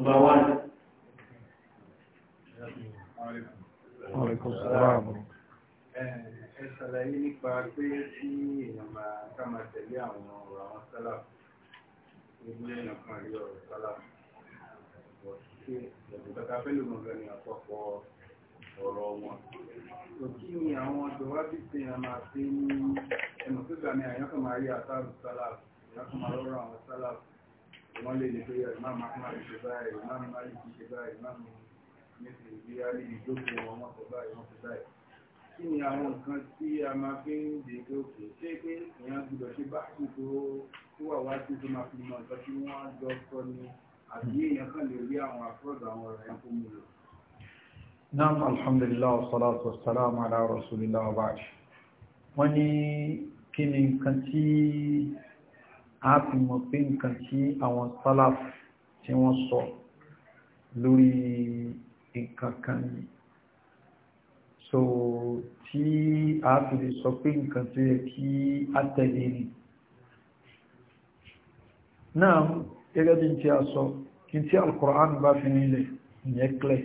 number one. Ẹ ṣàlàyé nípa pé tí èèyàn máa ká máa tẹ̀lé àwọn ọ̀rọ̀ àwọn sálà nínú èèyàn kan rí ọ̀rọ̀ sálà. Ẹ̀bùn kàkà fẹ́lẹ̀ gbọ̀ngàn ni àpapọ̀ ọ̀rọ̀ wọn. Òkí ni àwọn ọ̀dọ̀wájú tí a máa fi ní ẹnu pípa ni àyànkàn máa rí àtàrù sálà, àyànkàn máa lọ́rọ̀ àwọn sálà wọ́n lè ní pé imam ahmad ṣe báyìí imam malik ṣe báyìí imam mẹ́sìn bí alẹ́ ìjókòó wọn wọ́n ṣe báyìí wọ́n ṣe báyìí kí ni àwọn nǹkan tí a máa fi ń dè pé ṣé pé èèyàn gbọdọ̀ ṣe bá kù tó tó wà wá sí tó máa fi mọ nǹkan tí wọ́n jọ sọ ni àbí èèyàn kàn lè rí àwọn àfúrọ̀dọ̀ àwọn ọ̀rọ̀ ẹ̀ mi lò. naam alhamdulillah salatu wassalamu ala rasulillah wa ba'd wọ́n ní kí ni nǹkan tí a fi mọ̀ pé nǹkan tí àwọn salaf tí wọ́n sọ lórí nǹkan kan yìí so tí a fi lè sọ pé nǹkan tó yẹ kí a tẹ̀lé ni náà gẹ́gẹ́ bí tí a sọ kí tí al-Qur'an bá fi nílẹ̀ ìyẹn clear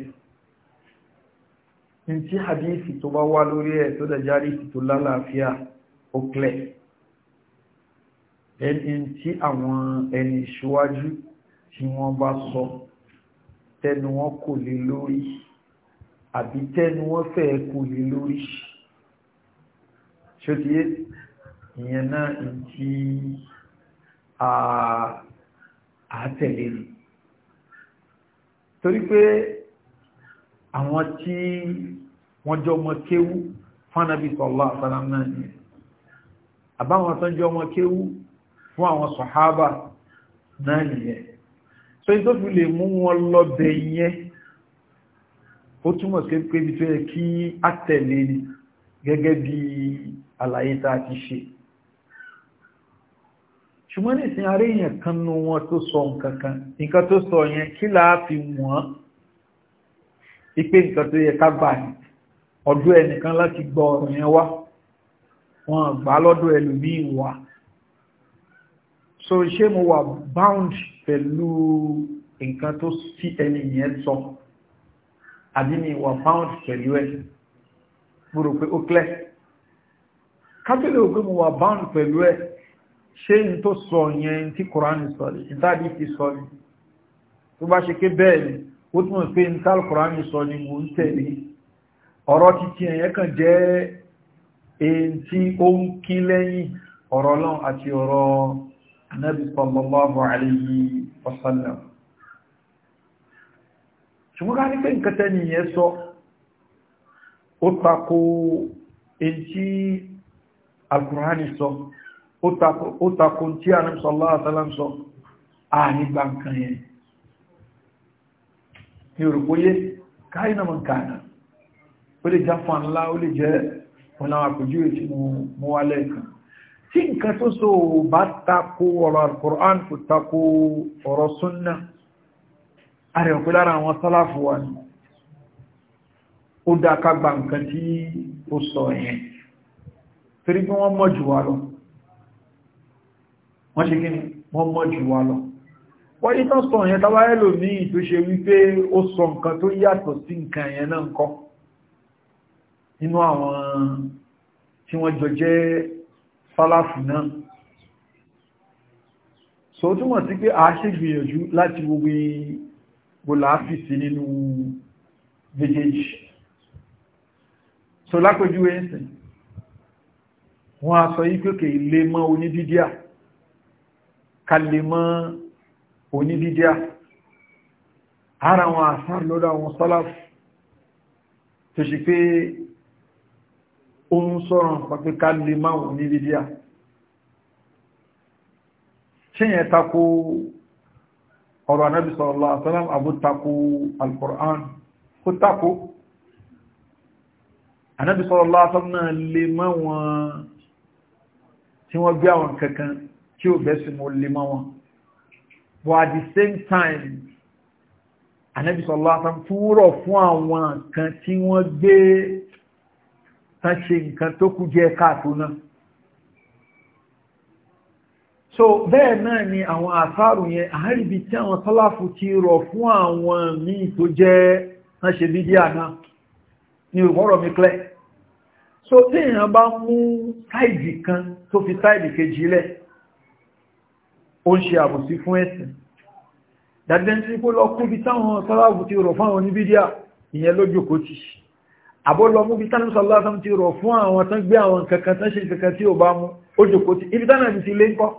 ní tí hadisi tó bá wá lórí ẹ̀ tó dẹ̀ járí tó lálàáfíà ó clear ẹni tí àwọn ẹni ṣíwájú tí wọ́n bá sọ tẹnu wọn kò lè lórí àbí tẹnu wọn fẹ́ kò lè lórí ṣó ti yé ìyẹn náà ń tí ni torí pé àwọn tí wọ́n jọ ọmọ kéwú fánàbí sallallahu alaihi wasallam náà ni àbáwọn tó jọ ọmọ kéwú fún àwọn sọ̀hábà náà nìyẹn so ní tó fi lè mú wọn lọ́bẹ̀ yẹn ó túmọ̀ sí pé bí tó yẹ kí á tẹ̀lé ni gẹ́gẹ́ bí àlàyé tá a ti ṣe ṣùgbọ́n ní ìsìn àrí èèyàn kan nú wọn tó sọ nǹkankan nǹkan tó sọ yẹn kí láà fi wọ́n ipé nǹkan tó yẹ ká gbà ní ọdún ẹnìkan láti gbọ́ ọ̀rọ̀ yẹn wá wọn gbà lọ́dọ̀ ẹlòmíì wá so ṣé mo wà bound pẹ̀lú nǹkan tó sí ẹni yẹn sọ àbí mi wà bound pẹ̀lú ẹ mo rò pé ó clear kátólì ò pé mo wà bound pẹ̀lú ẹ ṣé n tó sọ yẹn tí Kùránì sọ ni ìtàdí ti sọ ni tó bá ṣe ké bẹ́ẹ̀ ni ó túnmọ̀ pé n tàl Kùránì sọ ni mo ń tẹ̀lé ọ̀rọ̀ títí ẹ̀yẹ kan jẹ́ èyí tí ó ń kí lẹ́yìn ọ̀rọ̀ ọlọ́run àti ọ̀rọ̀ Nabi sallallahu alayhi wa sallam ṣùgbọ́n ká ní pé nǹkan tẹ́ni yẹn sọ ó tako èyí tí Al-Qur'ani sọ ó tako tí Ànábì sallallahu alayhi wa sallam sọ ànígbà nǹkan yẹn ní òrùkóyé káyínà mọ̀ káyínà ó lè já fún ànlá ó lè jẹ́ ọ̀nà àpòjú ètí mú wálẹ̀ kan tí nǹkan tó so bá tako ọ̀rọ̀ al-Qur'an kò tako ọ̀rọ̀ súnnà arẹ̀kú lára àwọn sálàfù wa ni ó dáka gba nǹkan tí ó sọ ẹ̀yẹn torí bí wọ́n mọ̀ jù wá lọ wọ́n ṣe kí ni wọ́n mọ̀ jù wá lọ wọ́n yí tán sọ ẹ̀yẹn tàbá ẹlò ní ìtò ṣe wípé ó sọ nǹkan tó yàtọ̀ sí nǹkan ẹ̀yẹn náà ń kọ́ àwọn tí wọ́n jọ jẹ́ sálàfù náà so túnmọ̀ sí pé a ṣe gbìyànjú láti gbogbo gbòláfìsì nínú méjèèjì so lápẹjú ẹ̀sìn wọ́n a sọ yí pé kè lè mọ́ onídídíà ká lè mọ́ onídídíà ara wọn àṣà lọ́dọ̀ àwọn sálàfù tó ṣe pé ó ń sọ̀rọ̀ pàpẹ ká lè máa wọ̀n ní bídíà ṣíyẹn tako ọ̀rọ̀ anábì sallallahu alaihi wasallam àbú tako alkùrán ó tako anábì sallallahu alaihi wasallam náà lè máa wọ́n tí wọ́n gbé àwọn kankan tí ó bẹ́sì mọ́ but at the same time anábì sallallahu alaihi wasallam fúnrọ̀ fún àwọn kan tí wọ́n gbé tán ṣe nǹkan tó kù jẹ́ káàtó náà so bẹ́ẹ̀ náà ni àwọn àsáàrù yẹn àáríbi tí àwọn tọ́láfù ti rọ̀ fún àwọn míì tó jẹ́ tán ṣe bídíà náà ni ìrọ̀rọ̀ mi klẹ̀ so tí èèyàn bá mú táìdì kan tó fi táìdì kejì lẹ̀ ó ń ṣe àbòsí fún ẹ̀sìn dàbí ẹni tí kó lọ kúbi táwọn tọ́láfù ti rọ̀ fún àwọn oníbídíà ìyẹn lójókòó ti ṣe àbọ́lọ mú bí tánà sọ́lá sọ́m ti rọ̀ fún àwọn tán gbé àwọn kankan tán ṣe kankan tí ó bá mú ó jòkó tí ibi tánà ti lé ń kọ́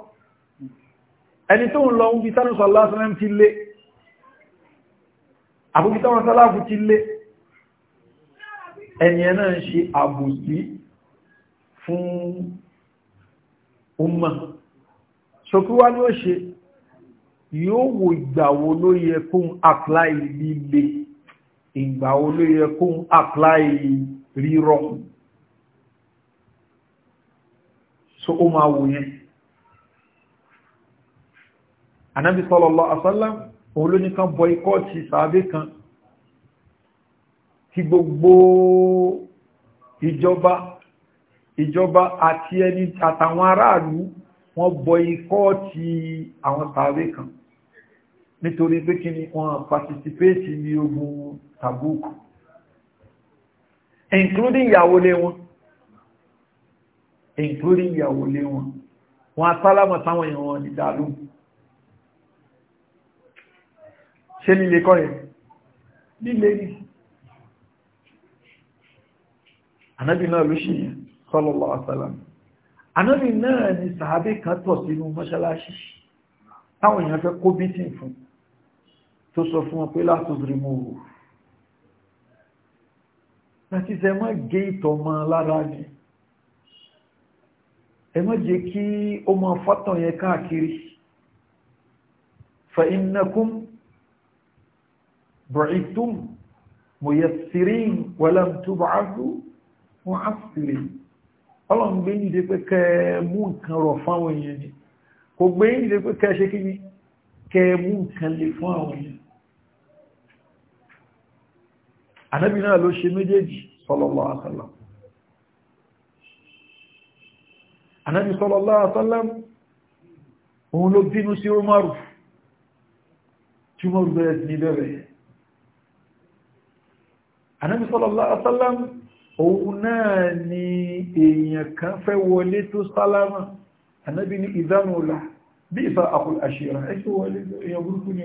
ẹni tó ń lọ mú bí tánà sọ́lá sọ́m ti lé ẹni ẹ̀ náà ṣe àbòsí fún umma ṣokúwá ni ó ṣe yóò wò ìgbàwo ló yẹ kóhun apply líle ìgbà wo ló yẹ kó ń apply rírọ́ so ó máa wò yẹn anábì sallallahu alaihi wasallam òun ló ní kan boycott sàábé kan tí gbogbo ìjọba ìjọba àti ẹni àtàwọn aráàlú wọ́n boycott àwọn sàábé kan nítorí pé kí ni wọ́n participate ní ogun Tabuk including ìyàwó lé wọn including ìyàwó lé wọn wọn atálámọ̀ táwọn èèyàn wọn nìdàlú ṣe nílé kọ́ yẹn nílé ní anábì náà ló ṣe yẹn sallallahu alaihi wasallam anábì náà ni sàábé kan tọ̀ sínú mọ́ṣáláṣí táwọn èèyàn fẹ́ kó bítì fún un tó sọ fún wọn pé látòdìrímù láti ṣe mọ́ gé ìtọ̀ mọ́ lára ní ẹ má jẹ́ kí ó mọ́ fọ́tàn yẹn káàkiri fa innakum bu'ithum muyassirin wa lam tub'athu mu'assirin ọlọ́run gbé yìí dé pé kẹ mú nǹkan rọ̀ fáwọn èèyàn ni kò gbé yìí dé pé kẹ ṣe kí ni kẹ mú nǹkan lè fún àwọn èèyàn ànábì náà ló ṣe méjèèjì sallallahu alaihi wasallam ànábì sallallahu alaihi wasallam òun ló bínú sí Umaru tí Umaru bẹ̀rẹ̀ sí ní bẹ̀rẹ̀ ànábì sallallahu alaihi wasallam òun náà ni èèyàn kan fẹ́ wọlé tó sálámà ànábì ní ìdánù ọ̀la bí ìfà àkùl àṣírà ẹ̀ṣẹ́ wọlé èèyàn burúkú ni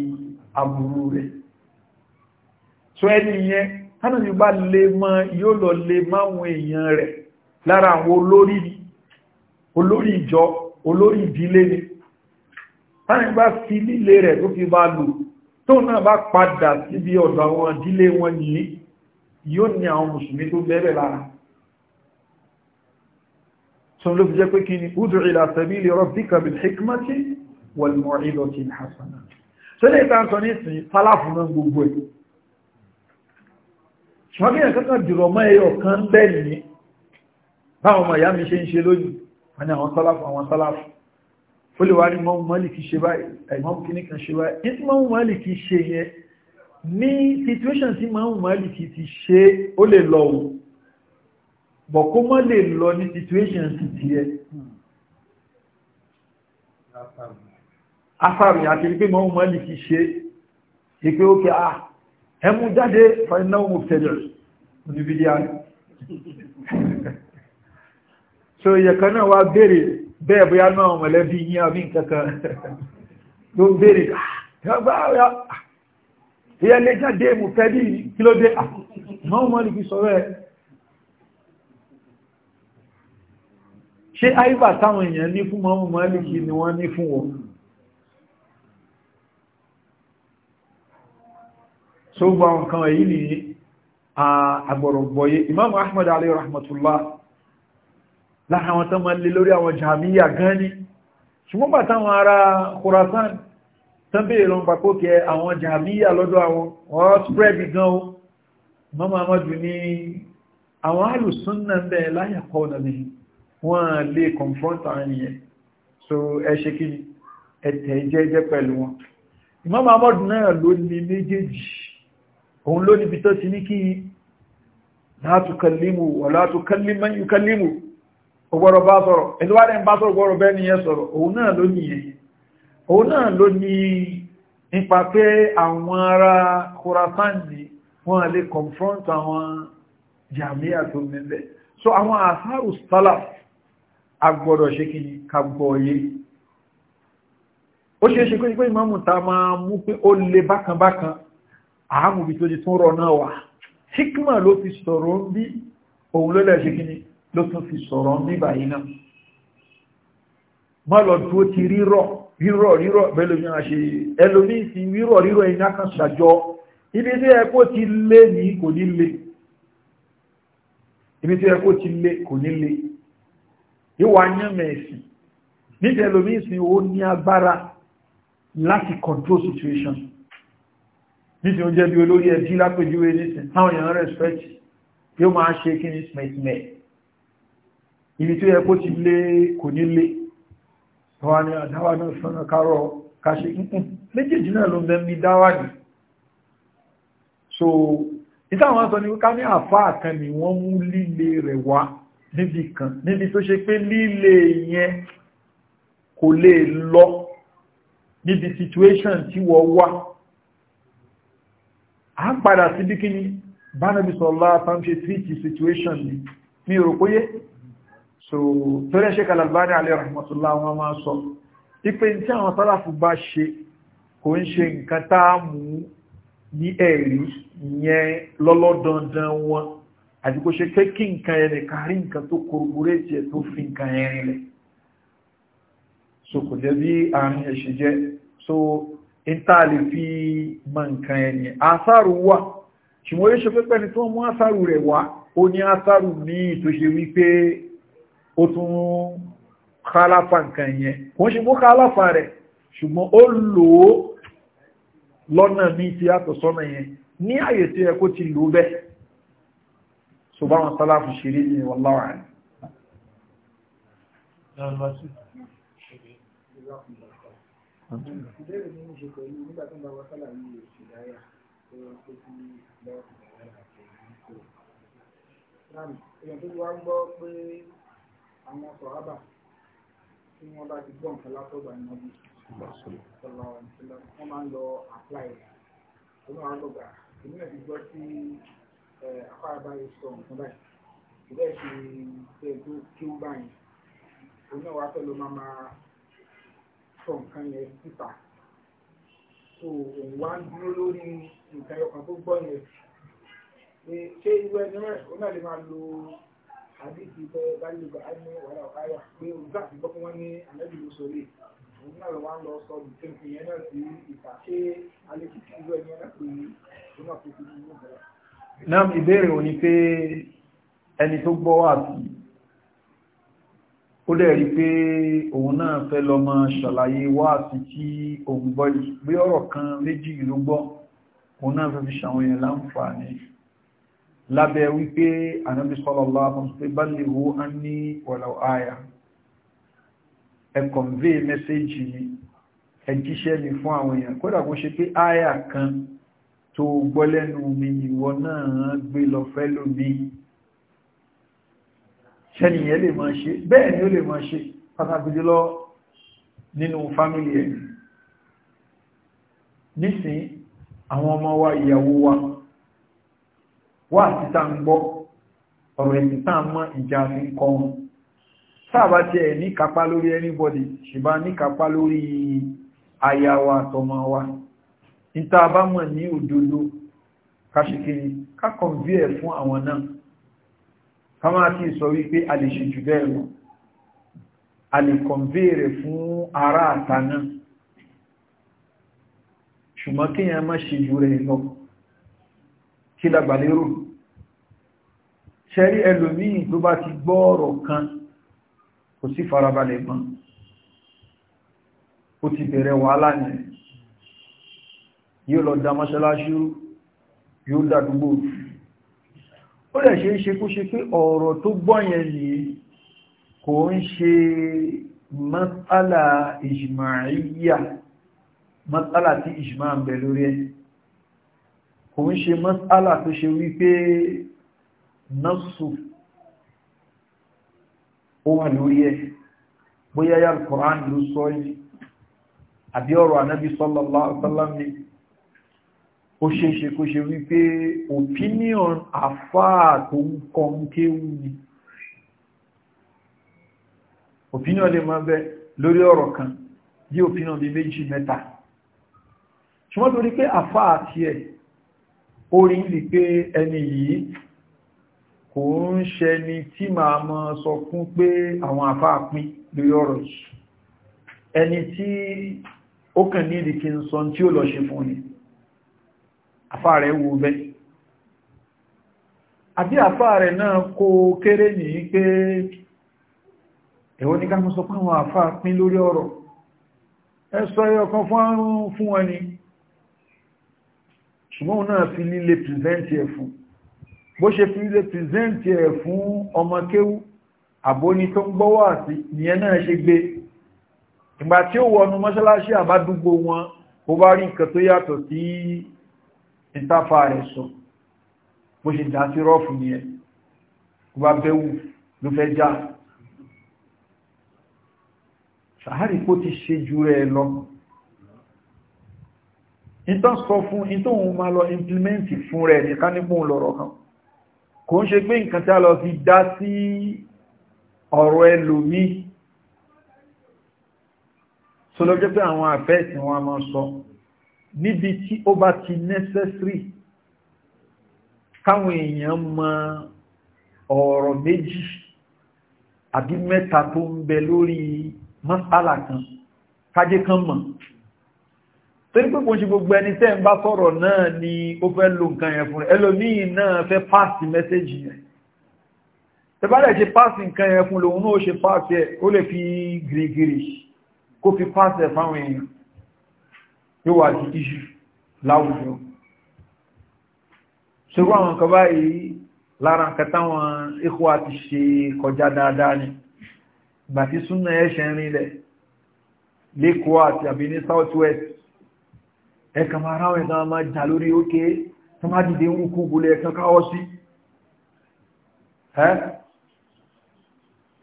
aburú rẹ̀ so ẹni yẹn tánàbí bá lè mọ́ yóò lọ lè máwọn èèyàn rẹ̀ lára àwọn olórí olórí ìjọ olórí ìdílé ni tánàbí bá fi líle rẹ̀ tó fi bá lò tó náà bá padà síbi ọ̀dọ̀ àwọn ìdílé wọn yìí yóò ní àwọn mùsùlùmí tó bẹ̀rẹ̀ lára sun ló fi jẹ́ pé kí ni udu ila sabili rabbika bil hikmati wal mu'idati hasana sẹ́lẹ̀ ìta ń sọ ní ìsìn fálàfù náà gbogbo ẹ̀ ṣùgbọ́n kí ẹ̀kọ́ kan jùlọ mọ́ ẹyọ kan bẹ́ẹ̀ ní báwọn ọmọ ìyá mi ṣe ń ṣe lónìí wọn ni àwọn sálàfù àwọn sálàfù ó lè wá ní mọ́mú mọ́lìkì ṣe báyìí ẹ̀mọ́mú kìíní kan ṣe báyìí ní tí mọ́mú mọ́lìkì ṣe yẹn ní situation tí mọ́mú mọ́lìkì ti ṣe ó lè lọ òun bọ̀ kó mọ́ lè lọ ní situation ti tiẹ̀ afárùn àti wípé mọ́ mọ́ lè fi ṣe ìpé ókè à ẹmú jáde fàínà òmù tẹ̀lẹ̀ oníbídí so ìyẹ̀kan náà wá bèèrè bẹ́ẹ̀ bóyá náà mọ̀lẹ́bí yí àmì kankan tó bèèrè ìyẹ́ lè jáde mù tẹ́lẹ̀ kí ló dé mọ́ mọ́ lè táwọn èèyàn ní fún mọ́ mọ́ ni wọ́n ní fún wọn so gba nǹkan èyí ni agbọ̀rọ̀gbọ̀ye imam ahmad alayhi rahmatullah láàrín àwọn tán ma lè lórí àwọn jamiya gan ni ṣùgbọ́n bá táwọn ará khorasan tán bèèrè lọ bá kókẹ àwọn jamiya lọ́dọ̀ àwọn wọ́n spread gan o imam ahmad ni àwọn alùsúnnà ń bẹ̀ láyàkọ́ nàbí wọ́n lè confront àwọn ènìyàn so ẹ ṣe kí ẹ̀tẹ̀ jẹ́jẹ́ pẹ̀lú wọn imam ahmad náà ló ní méjèèjì òun ló níbi tó ti ní kí látù kallimu wà látù kallimu yù kallimu ọgbọ̀rọ̀ bá sọ̀rọ̀ ẹ̀lúwàdẹ̀ ń bá sọ̀rọ̀ gbọ́rọ̀ bẹ́ẹ̀ ni yẹ sọ̀rọ̀ òun náà ló ní yẹn òun náà ló ní nípa pé àwọn ará Khurasan wọ́n lè confront àwọn jàmíà tó so àwọn àṣàrù salaf agbọ́dọ̀ ṣe kí ni ká gbọ́ yé ó ṣe é ṣe pé ìmáàmù ta máa mú pé ó le bákan bákan àámù bí tó ti tún rọ náà wà hikma ló fi sọ̀rọ̀ ń bí òun ló lẹ́ṣe kí ni ló tún fi sọ̀rọ̀ ń bí báyìí náà má lọ dúó ti rírọ̀ rírọ̀ rírọ̀ bẹ́lómi àṣẹ ẹlòmí sí rírọ̀ rírọ̀ iná kan ṣàjọ ibi tí ẹ kó ti lé ní control situation nísìn ó jẹ́ bí olórí ẹbí lápèjúwe nísìn táwọn èèyàn respect yóò máa ṣe kí ní smẹ̀tìmẹ̀ ibi tó yẹ kó ti lé kò ní lé tọ́wà ní àdáwà náà sọ́nà kárọ̀ káṣe kúnkún méjèèjì náà ló mẹ́ mi dáwà ní so ìtàwọn sọ ni ká ní àfáà kan ni wọ́n mú líle rẹ̀ wá níbi kan níbi tó ṣe pé líle yẹn kò lè lọ níbi situation tí wọ́n wà a ń padà sí bí kíní bánàbí sọ̀lá fáńṣe tíìtì situation ni ní òròpóyé so tọ́rẹ́ ṣe kalabani alẹ́ rahmatulá wọn máa sọ ipe tí àwọn sálàfù bá ṣe kò ń ṣe nǹkan tá a mú ní ẹ̀rí yẹn lọ́lọ́dandan wọn àti kò ṣe pé kí nǹkan yẹn nìkan nǹkan tó kòrògbórèjì ẹ̀ tó fi nǹkan yẹn rinlẹ̀ so kò jẹ́ bí àárín ẹ̀ṣẹ̀ jẹ́ so ìtàlì fi mọ̀ nǹkan ẹni àsàrù wà ṣùgbọ́n yóò ṣe pé pẹ́ni tó mú àsàrù rẹ̀ wá ó ní àsàrù ní ìtòṣe wípé ó tún kálàfà nǹkan yẹn kò ń ṣe mú kálàfà rẹ̀ ṣùgbọ́n ó lò ó lọ́nà ní ti yàtọ̀ sọ́nà yẹn ní àyè tí ẹ kó ti lò bẹ́ẹ̀ Thank you ìbéèrè mi ní ṣe pẹ̀lú nígbà tó ń bá wá sálà ní oṣù dáyà tó yọ pé kí lọ́wọ́ kò dáyà àti ìlú kò. láàmì èèyàn tó wá ń gbọ́ apply rẹ̀ tó máa lọ́gbà èmi náà ti gbọ́ sí afárabáyé sọ nǹkan báyìí ìbẹ́ẹ̀ ṣe tẹ̀ òun náà wàá fẹ́ lọ máa máa sọ nǹkan yẹn síta so òun wá ń dúró lórí nǹkan ọkàn tó gbọ́ yẹn ṣé irú ẹni rẹ̀ ó náà lè máa lo àdìsí bẹ báyìí bá ní wàhálà ọ̀káyà pé olùgbà àti gbọ́kún wọn ní àlẹ́bí ló sọ lè òun náà lọ wá ń lọ sọ ìtẹ́kùn yẹn náà sí ìta ṣé alẹ́ títí irú ẹni náà pé ó náà fi fi ní ìmú bẹ̀rẹ̀. náà ìbéèrè òní pé ẹni tó gbọ́ àti ó dẹ̀ rí pé òun náà fẹ́ lọ mọ́ ṣàlàyé wá àti tí òun gbọ́ yìí bí ọ̀rọ̀ kan méjì ló gbọ́ òun náà fẹ́ fi ṣàwọn èèyàn láǹfààní lábẹ́ wípé ànábì sọ́lọ́lá mọ́sílẹ̀ bá lè wo a ní wọ̀lọ̀ àyà ẹ convey mẹ́sẹ́jì ni ẹ jíṣẹ́ ni fún àwọn èèyàn kódà kó ṣe pé àyà kan tó gbọ́ lẹ́nu mi ìwọ náà gbé lọ fẹ́ lómi tẹ́nìyàn lè máa ṣe bẹ́ẹ̀ ni ó lè máa ṣe pàtàkì jùlọ nínú fámílì ẹ̀ nísìn àwọn ọmọ wa ìyàwó wa wà títà ń gbọ́ ọ̀rọ̀ ẹ̀sìn tá a mọ́ ìjà fi ń kọ́ wọn sáàbá tí ẹ̀ níkapá lórí anybody ṣùgbọ́n níkapá lórí aya wa àtọmọ wa níta bá mọ̀ ní òdodo káṣíkiri ká kọ̀ǹvíẹ̀ fún àwọn náà káwọn àti sọ wípé a lè ṣe jù bẹ́ẹ̀ lọ a lè kọ̀nvéèrè fún ará àta náà ṣùgbọ́n kíyàn má ṣe jù rẹ̀ lọ kí lágbàlérò ṣẹ́rí ẹlòmíì tó bá ti gbọ́ ọ̀rọ̀ kan kò sí farabalẹ̀ mọ́ ó ti bẹ̀rẹ̀ wàhálà nìyẹn yóò lọ dá mọ́ṣáláṣí yóò dàdúgbò òfin ó lè ṣe é ṣe kó ṣe pé ọ̀rọ̀ tó gbọ́yẹn yìí kò ń ṣe mọ́tálà ìjìmáyíyà mọ́tálà tí ìjìmá ń bẹ lórí ẹ̀ kò ń ṣe mọ́tálà tó ṣe wípé nọ́sù ó wà lórí ẹ̀ bóyá yá ló sọ àbí ọ̀rọ̀ Ànábì sallallahu alaihi wasallam ó ṣeéṣe kó ṣe wípé opinion àfáà tó ń kọ ń kéwú ni opinion lè máa bẹ lórí ọ̀rọ̀ kan bí opinion bí méjì mẹ́ta ṣùgbọ́n torí pé àfáà tí ẹ̀ orí ń lè pé ẹni yìí kò ń ṣẹni tí màá mọ́ sọ fún pé àwọn àfáà pín lórí ọ̀rọ̀ yìí ẹni tí ó kàn ní ìdíkí ń sọ tí ó lọ ṣe fún ni àfá rẹ̀ wo bẹ́ àbí àfá rẹ̀ náà kó kéré ní pé ẹ̀wọ́n ní ká mọ́ sọ pé àwọn àfá pín lórí ọ̀rọ̀ ẹ sọ ẹyọ kan fún wọn ni ṣùgbọ́n náà fi líle pìrìsẹ́ntì ẹ̀ fún bó ṣe fi líle pìrìsẹ́ntì ẹ̀ fún ọmọ kéwú àbóní tó ń gbọ́wọ́ àti ìyẹn náà ṣe gbé ìgbà tí ó wọnú mọ́ṣáláṣí àbádúgbò wọn ó bá rí nǹkan tó yàtọ̀ sí ìtafà rẹ̀ sọ bó ṣe dá sí rọ́ọ̀fù ní ẹ wà bẹ́wù ló fẹ́ já ṣàhárì kó ti ṣe jù rẹ̀ lọ ìtàn sọ fún ìtàn òun máa lọ implementi fún rẹ̀ ní kánípùn lọ́rọ̀ kan kò ń ṣe pé nǹkan tí a lọ fi dá sí ọ̀rọ̀ ẹlòmí sọlọ́jẹ́ pé àwọn àfẹ́ ìsìn wọn a máa sọ níbi tí ó bá ti necessary káwọn èèyàn mọ ọ̀rọ̀ méjì àbí mẹ́ta tó ń bẹ lórí masala kan kájé kan mọ̀ torí pé kò ń ṣe gbogbo ẹni tẹ́ ń bá sọ̀rọ̀ náà ni ó fẹ́ lo nǹkan yẹn fún rẹ̀ ẹlòmíì náà fẹ́ pàṣì mẹ́sẹ̀jì yẹn tẹ́bàlẹ̀ ṣe pàṣì nǹkan yẹn fún lòun náà ó ṣe pàṣì ó lè fi gírígírí kó fi pàṣì fáwọn èèyàn yóò wà ní iṣu láwùjọ ṣorú àwọn kan báyìí lára nǹkan táwọn ikú àti ṣe kọjá dáadáa ni ìgbà tí súnà ẹ̀ṣẹ̀ ń rinlẹ̀ lẹ́kọ̀ọ́ àti àbí ní southwest ẹ̀kàn máa ráwẹ̀ náà máa jà lórí òkè tó máa dìde ń kú gúlẹ̀ ẹ̀kan káwọ́ sí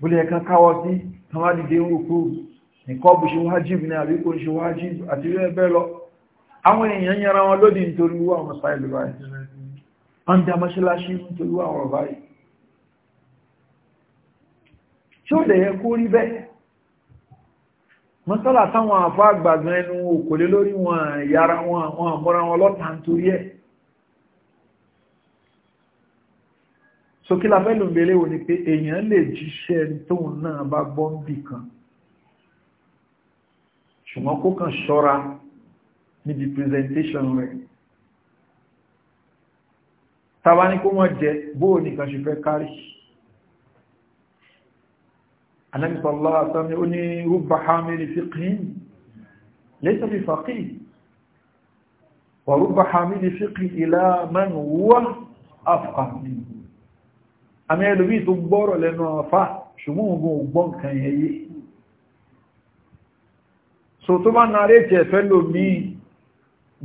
gúlẹ̀ ẹ̀kan káwọ́ sí tó máa dìde ń kú nǹkan bù ṣe wájìbì ní àbí kò ṣe wájìbì àti rẹ̀ bẹ́ẹ̀ lọ àwọn èèyàn yẹra wọn lódì nítorí wà wọn sáìlú báyìí wọ́n dá mọ́ṣáláṣí nítorí wà wọn báyìí tí ó lẹ̀yẹ kó rí bẹ́ẹ̀ mọ́sálà táwọn àfá àgbàgbà ẹnu òkòlé lórí wọn yára wọn àwọn àmọ́ra wọn lọ́ta nítorí ẹ̀ sókílà fẹ́ ni pé èèyàn lè jíṣẹ́ tóun náà bá gbọ́n bì kan ṣùgbọ́n kó kàn ṣọ́ra níbi presentation rẹ̀ tàbá ní kó wọ́n jẹ bóò nìkan ṣe fẹ́ kárí anẹ́mìsọ̀lá àtàmì ó ní rúgbà hamili fiqhin laysa bi faqih wa rúgbà hamili fiqhin ila man huwa afqah minhu àmì ẹlòmí tó gbọ́rọ̀ lẹ́nu àfá ṣùgbọ́n ogun ògbọ́n kan yẹyẹ so tó bá na rétí ẹ̀fẹ́ lómi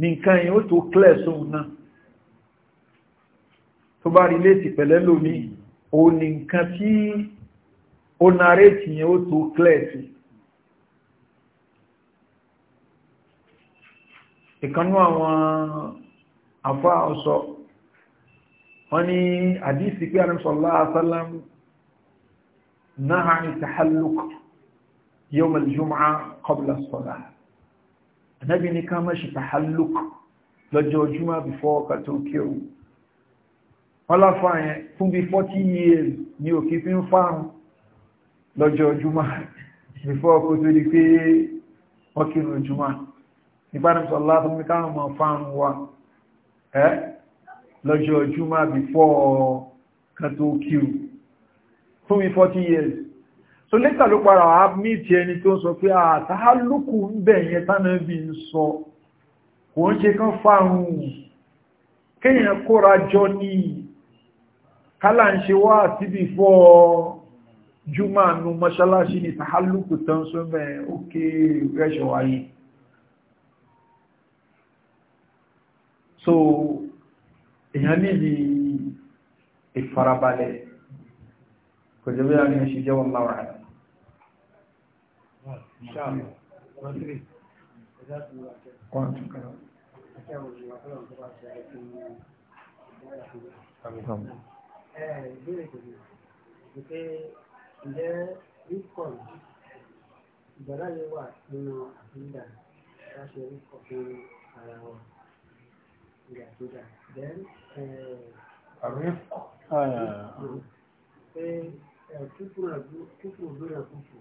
nìkan yìí ó tó clear sóhun náà tó bá rí létí pẹ̀lẹ́ lómi òun ni nǹkan tí ó na rétí yẹn ó tó clear sí ìkanú àwọn afọ́ ọ̀sọ́ wọ́n ní àdísì pé àrùn sọ̀lá àsálàm náà ìtàhálùk yawm al-jum'ah kọbílá sọ́lá anábi ní ká mọ́ ṣe tàhálùk lọ́jọ́ ojúmọ́ before kàtó kírù wọ́n láfà fún bí 40 years ní òkè fi ń fáàrùn lọ́jọ́ ojúmọ́ before kò tó di pé wọ́n kírù ojúmọ́ ìbánisọ̀lá fún mi káwọn mọ̀ fáàrùn wa ẹ́ 40 years so later ló para wà á meet ẹni tó ń sọ pé àtàlùkù ah, ń bẹ̀ yẹn tánàbí ń sọ kò ń ṣe kán fáhùn kéèyàn kóra jọ ní kálà ń ṣe wá síbi fọ́ jùmọ̀ nù mọ́ṣáláṣí ní tàhálùkù tán sọ́mẹ́ òkè rẹ́ṣọ̀ wáyé so èèyàn níbi ìfarabalẹ̀ kò jẹ́ bí i àwọn ìṣẹ́jẹ́ wọn láwàá Ǹjẹ́ Bitcoin ìgbàlá yẹn wà nínú àfíńdà láti orí kọ̀ọ̀kan ara wa ìgbà tó dà. Then àrífọ̀ pé kíkùn àdúrà kúkù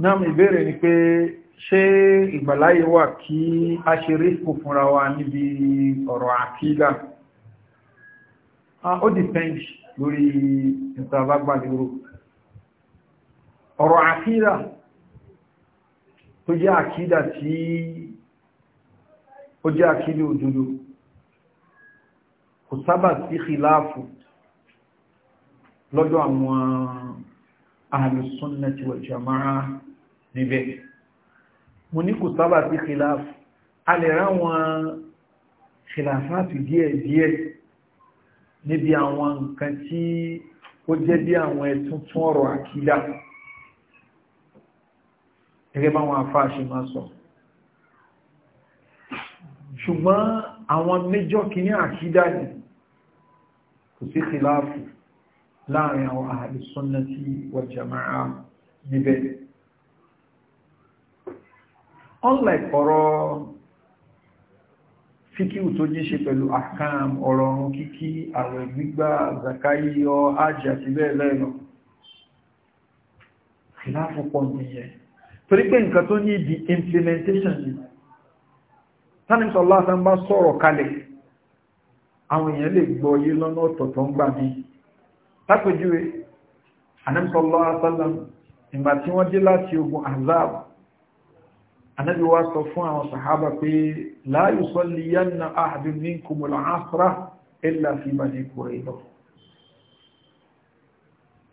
náà ìbéèrè ni pé ṣé ìgbàláyé wà kí a ṣe rí kò fúnra wa níbi ọ̀rọ̀ àkídà ah, ó dìpẹ́ǹdì lórí ìtàbágbàlérò ọ̀rọ̀ àkídà tó jẹ́ àkídà tí ó jẹ́ àkídà òdodo kò sábà sí kìláàfù lọ́dọ̀ àwọn ahlus-sunnati wal-jamā'ah níbẹ̀ mo ní kò sábà sí khilaf a lè ráwọn khilafati díẹ̀díẹ̀ níbi àwọn nǹkan tí ó jẹ́ bí àwọn ẹ̀túntún ọ̀rọ̀ àkídà gẹ́gẹ́ bá wọn àfáà ṣe máa sọ ṣùgbọ́n àwọn méjọ́ kìíní àkídà ni kò sí khilafu láàrin àwọn ahli sunnati wal jama'a níbẹ̀ unlike ọ̀rọ̀ fíkíù tó jí ṣe pẹ̀lú àkàm ọ̀rọ̀ ọ̀run kíkí àwẹ̀ gbígbà zakayíyọ ájì àti bẹ́ẹ̀ lẹ́nu ìláfù pọ̀ nìyẹn torí pé nǹkan tó ní di implementation ni tánìsọ̀ lásán bá sọ̀rọ̀ kalẹ̀ àwọn èèyàn lè gbọ́ yé lọ́nà ọ̀tọ̀tọ̀ ń gbà mí lápèjúwe anẹ́sọ̀lọ́ asálàm ìgbà tí wọ́n dé láti ogun azab anábi wá sọ fún àwọn sàhábà pé la yusalliyanna ahadun minkumul asra illa fi bani qurayza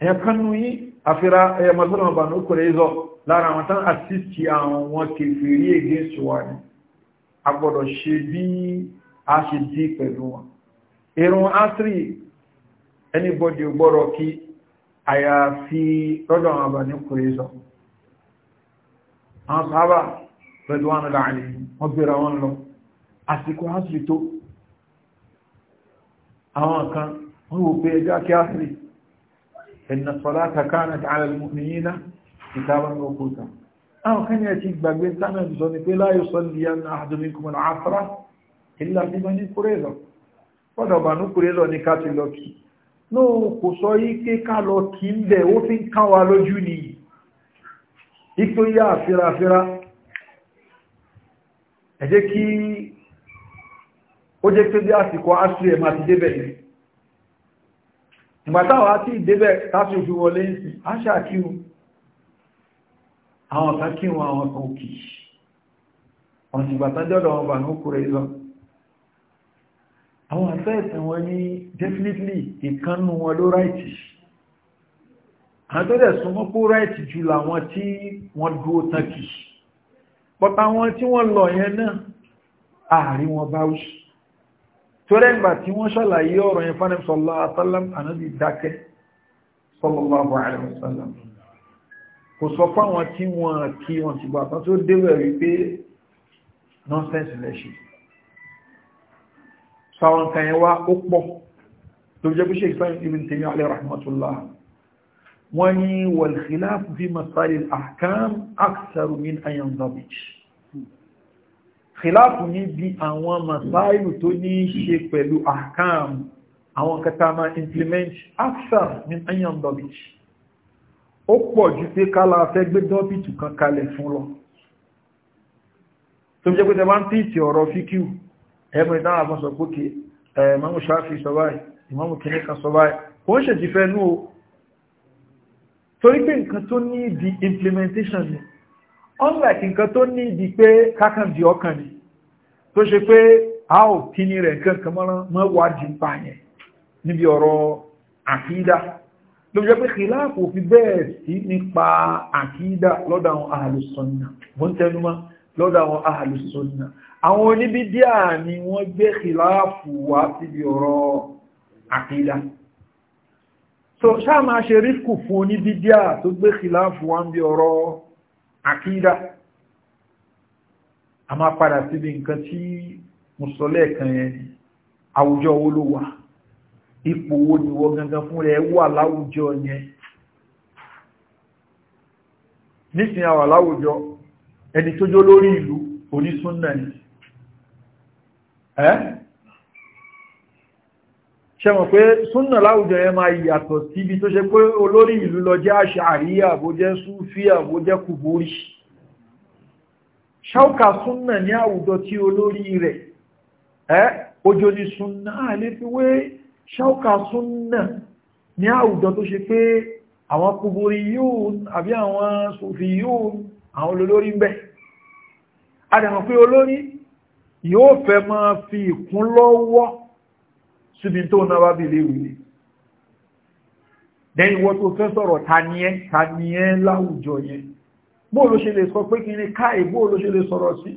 ẹ̀yà kanú yí àfíra ẹ̀yà mazọ́nà bani qurayza lára àwọn tán àtìsí àwọn kèfèrí against wa a gbọ́dọ̀ ṣe bí a ṣe dí pẹ̀lú wọn ìrun asri anybody gbọ́rọ̀ kí àyàfi lọ́dọ̀ àwọn àbà ní kòrìsọ̀ àwọn sábà pẹ̀lú wọn láàrin wọ́n gbéra wọn lọ àsìkò áṣìrì tó àwọn kan wọ́n wò pé ẹjọ́ kí áṣìrì ẹ̀nà sọ́lá takáàna alàlmùmìnà ìtàbà lọ́kùta àwọn kan yẹ ti gbàgbé sánà sọ ni pé láyé sọ ní yẹn náà àdúmí kùmọ̀ náà àfárá ìlànà ìbánikúrẹ́ lọ lóò kò sọ ike ká lọ kí ń bẹ̀ ó fi ń kán wa lójú ni ipò yá àfírafíra ẹ jẹ́ kí ó jẹ́ pé bí àsìkò asiri ẹ̀mà ti débẹ̀ ní ìgbàtàwà tí ìdébẹ̀ tásí òfin wọlé ń sìn áṣà kíhun àwọn kan kíhun àwọn kan òkè ọ̀nà ìgbàtàjọ́dọ̀ ọba ní ó kúrẹ́ lọ́nà àwọn àfẹ́ẹ̀sìn wọn ní definitely ìkánnù wọn ló ráìtì àtọ́dẹ̀ súnmọ́ pó ráìtì jù láwọn tí wọ́n dúó tankì pọ̀tà wọn tí wọ́n lọ yẹn náà ààrin wọn bá wùsù torẹ́ ìgbà tí wọ́n ṣàlàyé ọ̀rọ̀ yẹn fánìm sọ́lá àtàlám ànábì dákẹ́ sallallahu alaihi wasallam kò sọ fáwọn tí wọ́n kí wọ́n ti gbà tán tó déwẹ̀ wípé nonsense lẹ́ṣin sáwọn nǹkan yẹn wá ó pọ̀ tó jẹ́ bí ṣe ìfẹ́ ibn Taymiyyah alayhi rahmatullah wọ́n ní wal khilaf fi masáyil al-ahkam aktharu min an yandabij khilafu ní bí àwọn masáyil tó ní ṣe pẹ̀lú ahkam àwọn kẹta máa implement aksar min an yandabij ó pọ̀ ju pé kálá fẹ́ gbé dọ́bìtì kan kalẹ̀ fún lọ tó jẹ́ pé tẹ bá ń pìtì ọ̀rọ̀ fíkíù ẹgbẹ̀rẹ̀ dára mọ́ sọ pókè ẹ̀mọ́mù ṣáfí sọ̀báì ìmọ́mù kìíní kan sọ̀báì ó ń ṣèjì fẹ́ nú o torí pé nǹkan tó ní di implementation ni unlike nǹkan tó ní di pé kákan di ọkàn ni tó ṣe pé a ò kí ni rẹ̀ kankan mọ́ wájú pa yẹn níbi ọ̀rọ̀ àkídá ló jẹ́ pé kìláàfù fi bẹ́ẹ̀ sí nípa àkídá lọ́dọ̀ àwọn ahàlùsọ̀nà wọ́n tẹnumọ́ lọ́dọ̀ àwọn ahàlùsọ̀nà àwọn oníbídíà ni wọ́n gbé kìláàfù wá síbi ọ̀rọ̀ àkídà so ṣáà máa ṣe rífkù fún oníbídíà tó gbé kìláàfù wá ń bí ọ̀rọ̀ àkídà a máa padà síbi nǹkan tí mùsọ̀lẹ́ kan yẹn àwùjọ wo ló wà ipò wo ni wọ́n gangan fún rẹ̀ wà láwùjọ yẹn nísìnyí láwùjọ ẹni tó lórí ìlú onísúnnà ni ẹ́ ṣe mọ̀ pé súnà láwùjọ yẹn máa yàtọ̀ síbi tó ṣe pé olórí ìlú lọ jẹ́ àṣàríyà bó jẹ́ súfíà bó jẹ́ kùbúrí ṣáùkà súnà ní àwùjọ tí olórí rẹ̀ ẹ́ ojú ni súnà àlè fi wé ṣáùkà súnà ní àwùjọ tó ṣe pé àwọn kùbúrí yóò àbí àwọn yóò fẹ́ máa fi ìkún lọ́wọ́ síbi tó náà bá bèèrè wìí dẹ́yìn wọ́n tó fẹ́ sọ̀rọ̀ taniẹ́ taniẹ́ láwùjọ yẹn bóò ló ṣe lè sọ pé kí ní káì bóò ló ṣe lè sọ̀rọ̀ sí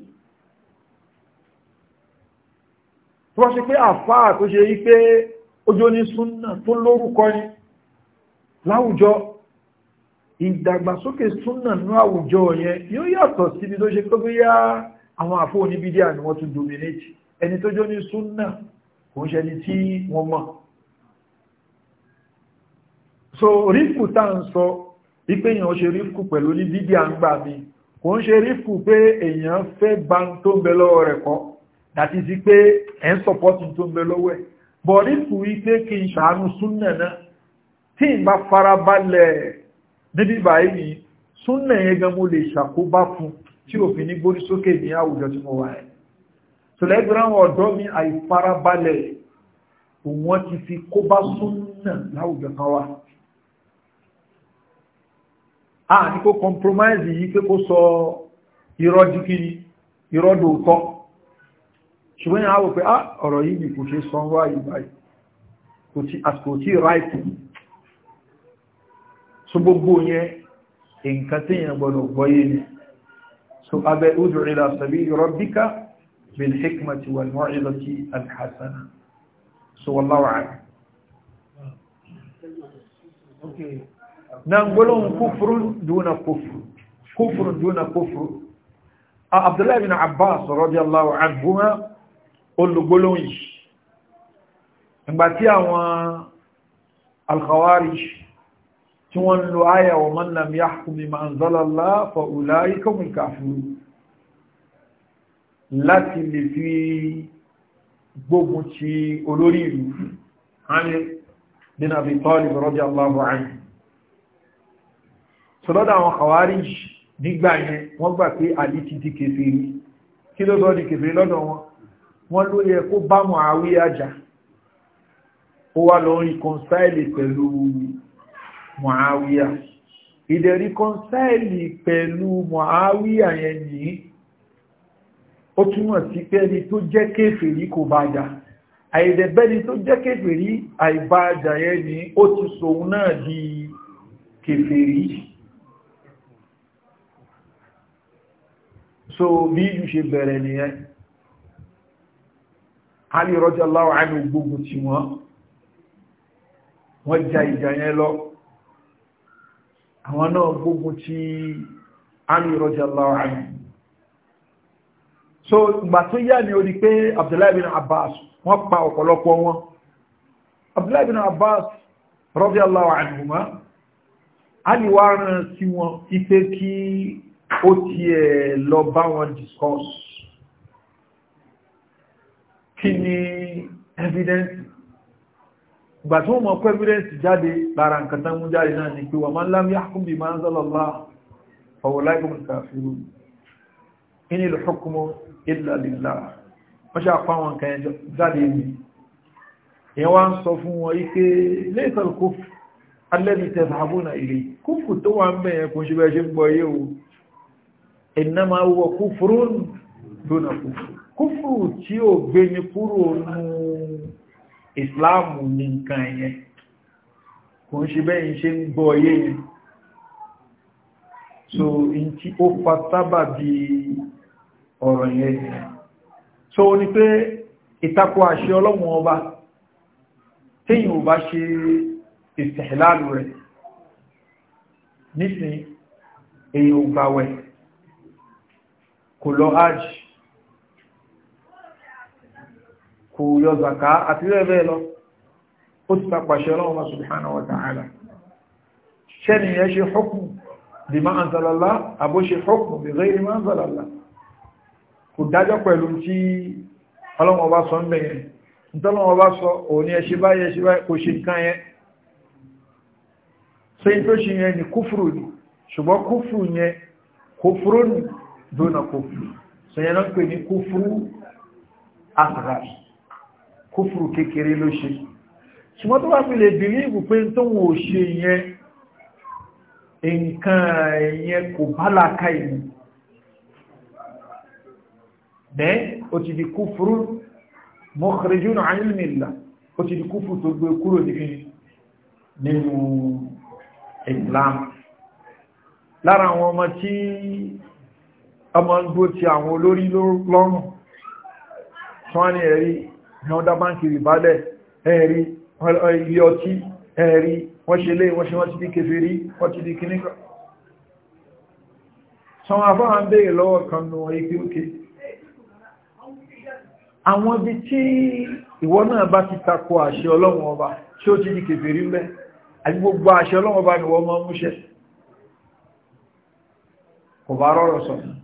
tó wá ṣe pé àfáà tó ṣe yí pé ojú ní súnnà tó lórúkọ ni láwùjọ ìdàgbàsókè súnnà ní àwùjọ yẹn yóò yàtọ̀ síbi tó ṣe pé bóyá àwọn àfó oníbídíà ni wọ́n tún dominate ẹni tó jó ní súnà kò ń ṣẹni tí wọ́n mọ̀ so rífù tá ń sọ wípé èèyàn ṣe rífù pẹ̀lú oníbídíà ń gbà mí kò ń ṣe rífù pé èèyàn fẹ́ gba tó ń bẹ lọ́wọ́ rẹ̀ kọ́ dàti sí pé ẹ̀ ń sọpọ́tì tó ń bẹ lọ́wọ́ ẹ̀ bọ̀ rífù wípé kí n ṣàánú súnà náà tí n bá farabalẹ̀ níbi báyìí súnà yẹn gan mo lè ṣàkóbá fún un tí òfin ní gbórí sókè ní àwùjọ tí mo wà ẹ̀. tòlẹ́gbẹ̀rẹ̀ àwọn ọ̀dọ́ mi àìfarabalẹ̀ wọ́n ti fi kó bá súnnà láwùjọ kan wá. a ní kó compromise yìí pé kó sọ irọ́ díkiri irọ́ dòótọ́ ṣùgbọ́n yà á pé á ah, ọ̀rọ̀ yìí ni kò ṣe sọ wá ìbáyìí àsìkò tí ráìtì tí yẹn so abẹ́ ud'u ila sabili rabbika bil hikmati wal maw'izati al hasana so wallahu a'lam okay nan gbólóhùn kufrun duna kufru kufrun duna kufru a abdullahi abbas radiyallahu anhuma olùgbólóhùn yìí ìgbà tí àwọn al-khawarij tí wọ́n ń lo ayà wa man lam yahkum bima anzala Allah fa ulaika humul kafirun láti lè fi gbógun ti olórí ìlú Ali bin Abi Talib radiyallahu anhu sọ́lọ́dọ̀ àwọn Khawarij nígbà yẹn wọ́n gbà Muawiya ìdẹ̀ reconcile pẹ̀lú Muawiya yẹn ní ó túnmọ̀ sí pé ẹni tó jẹ́ kéfèrí kò bá jà àìdẹ̀bẹ́ni tó jẹ́ kéfèrí àìbá jà yẹn ní ó ti sòun náà di kéfèrí so bí ìlú ṣe bẹ̀rẹ̀ nìyẹn Ali radiyallahu anhu gbogbo tí wọ́n wọ́n ja ìjà yẹn lọ àwọn náà gbógun ti Ali radiyallahu anhu so ìgbà tó yá ni ó pé Abdullahi bin Abbas wọ́n pa ọ̀pọ̀lọpọ̀ wọn Abdullahi bin Abbas radiyallahu anhuma Ali wá rán sí wọn ipe kí ó tiẹ̀ lọ bá wọn discuss kí ni evidence gbà tí wọ́n mọ̀ pé evidence jáde lára nǹkan tán mú jáde náà ni pé wa man lam yahkum bima anzalallah fa ulaika humul kafirun inil hukmu illa lillah wọ́n ṣe àpá wọn kan jáde ní ìyẹn wá ń sọ fún wọn ike laysa al-kufr alladhi tadhhabuna wà ń bẹ̀yẹn kò ṣe bẹ́ẹ̀ ń gbọ́ yé o innama huwa kufrun duna tí ó gbé ní kúrò nù ìsìláàmù ní nǹkan ẹ̀yẹn kò ń ṣe bẹ́yìn ṣe ń gbọ́ ọyé yẹn so in tí ó fa sábà bí ọ̀rọ̀ yẹn so ni pé ìtakò àṣẹ ọlọ́wọ̀n ọba téyìn ò bá ṣe ìsìláàmù rẹ̀ nísìn èyí ò gbàwẹ̀ kò lọ ájì kò yọ zaka àti rẹ̀rẹ̀ lọ ó ti tapàṣẹ lọ́wọ́ subhanahu wa ta'ala ṣẹ́ni yẹ ṣe hukmu bí ma anzalalla àbó ṣe hukmu bí ghairi ma anzalalla kò dájọ́ pẹ̀lú tí ọlọ́wọ́ bá sọ ń bẹ̀yẹn ìtọ́lọ́wọ́ bá asghar kúfùrù kékeré ló ṣe ṣùgbọ́n tó bá fi lè bìlíìbù pé tó wò ṣe yẹn nǹkan ẹ̀yẹn kò bá láka ìlú bẹ́ẹ̀ ó ti di kúfùrù mukhrijun an ilmillah ó ti di kúfùrù tó gbé kúrò nínú Islam lára àwọn ọmọ tí ọmọ ń gbó ti àwọn olórí lọ́rùn tí wọ́n ní ẹ̀rí ní ọdá báńkì rìbálẹ̀ ẹ̀rí ilé ọtí ẹ̀rí wọ́n ṣe lé wọ́n ṣe wọ́n ti di kèfèrí wọ́n ti di kìníkà sọ́wọ́n afọ́wà ń bèèrè lọ́wọ́ kan nù ipi òkè àwọn ibi tí ìwọ náà bá ti takò àṣẹ ọlọ́run ọba tí ó ti di kèfèrí mẹ́ àti àṣẹ ọlọ́run ọba ni wọ́n mọ́ múṣẹ́ kò bá rọrọ̀ sọ̀rọ̀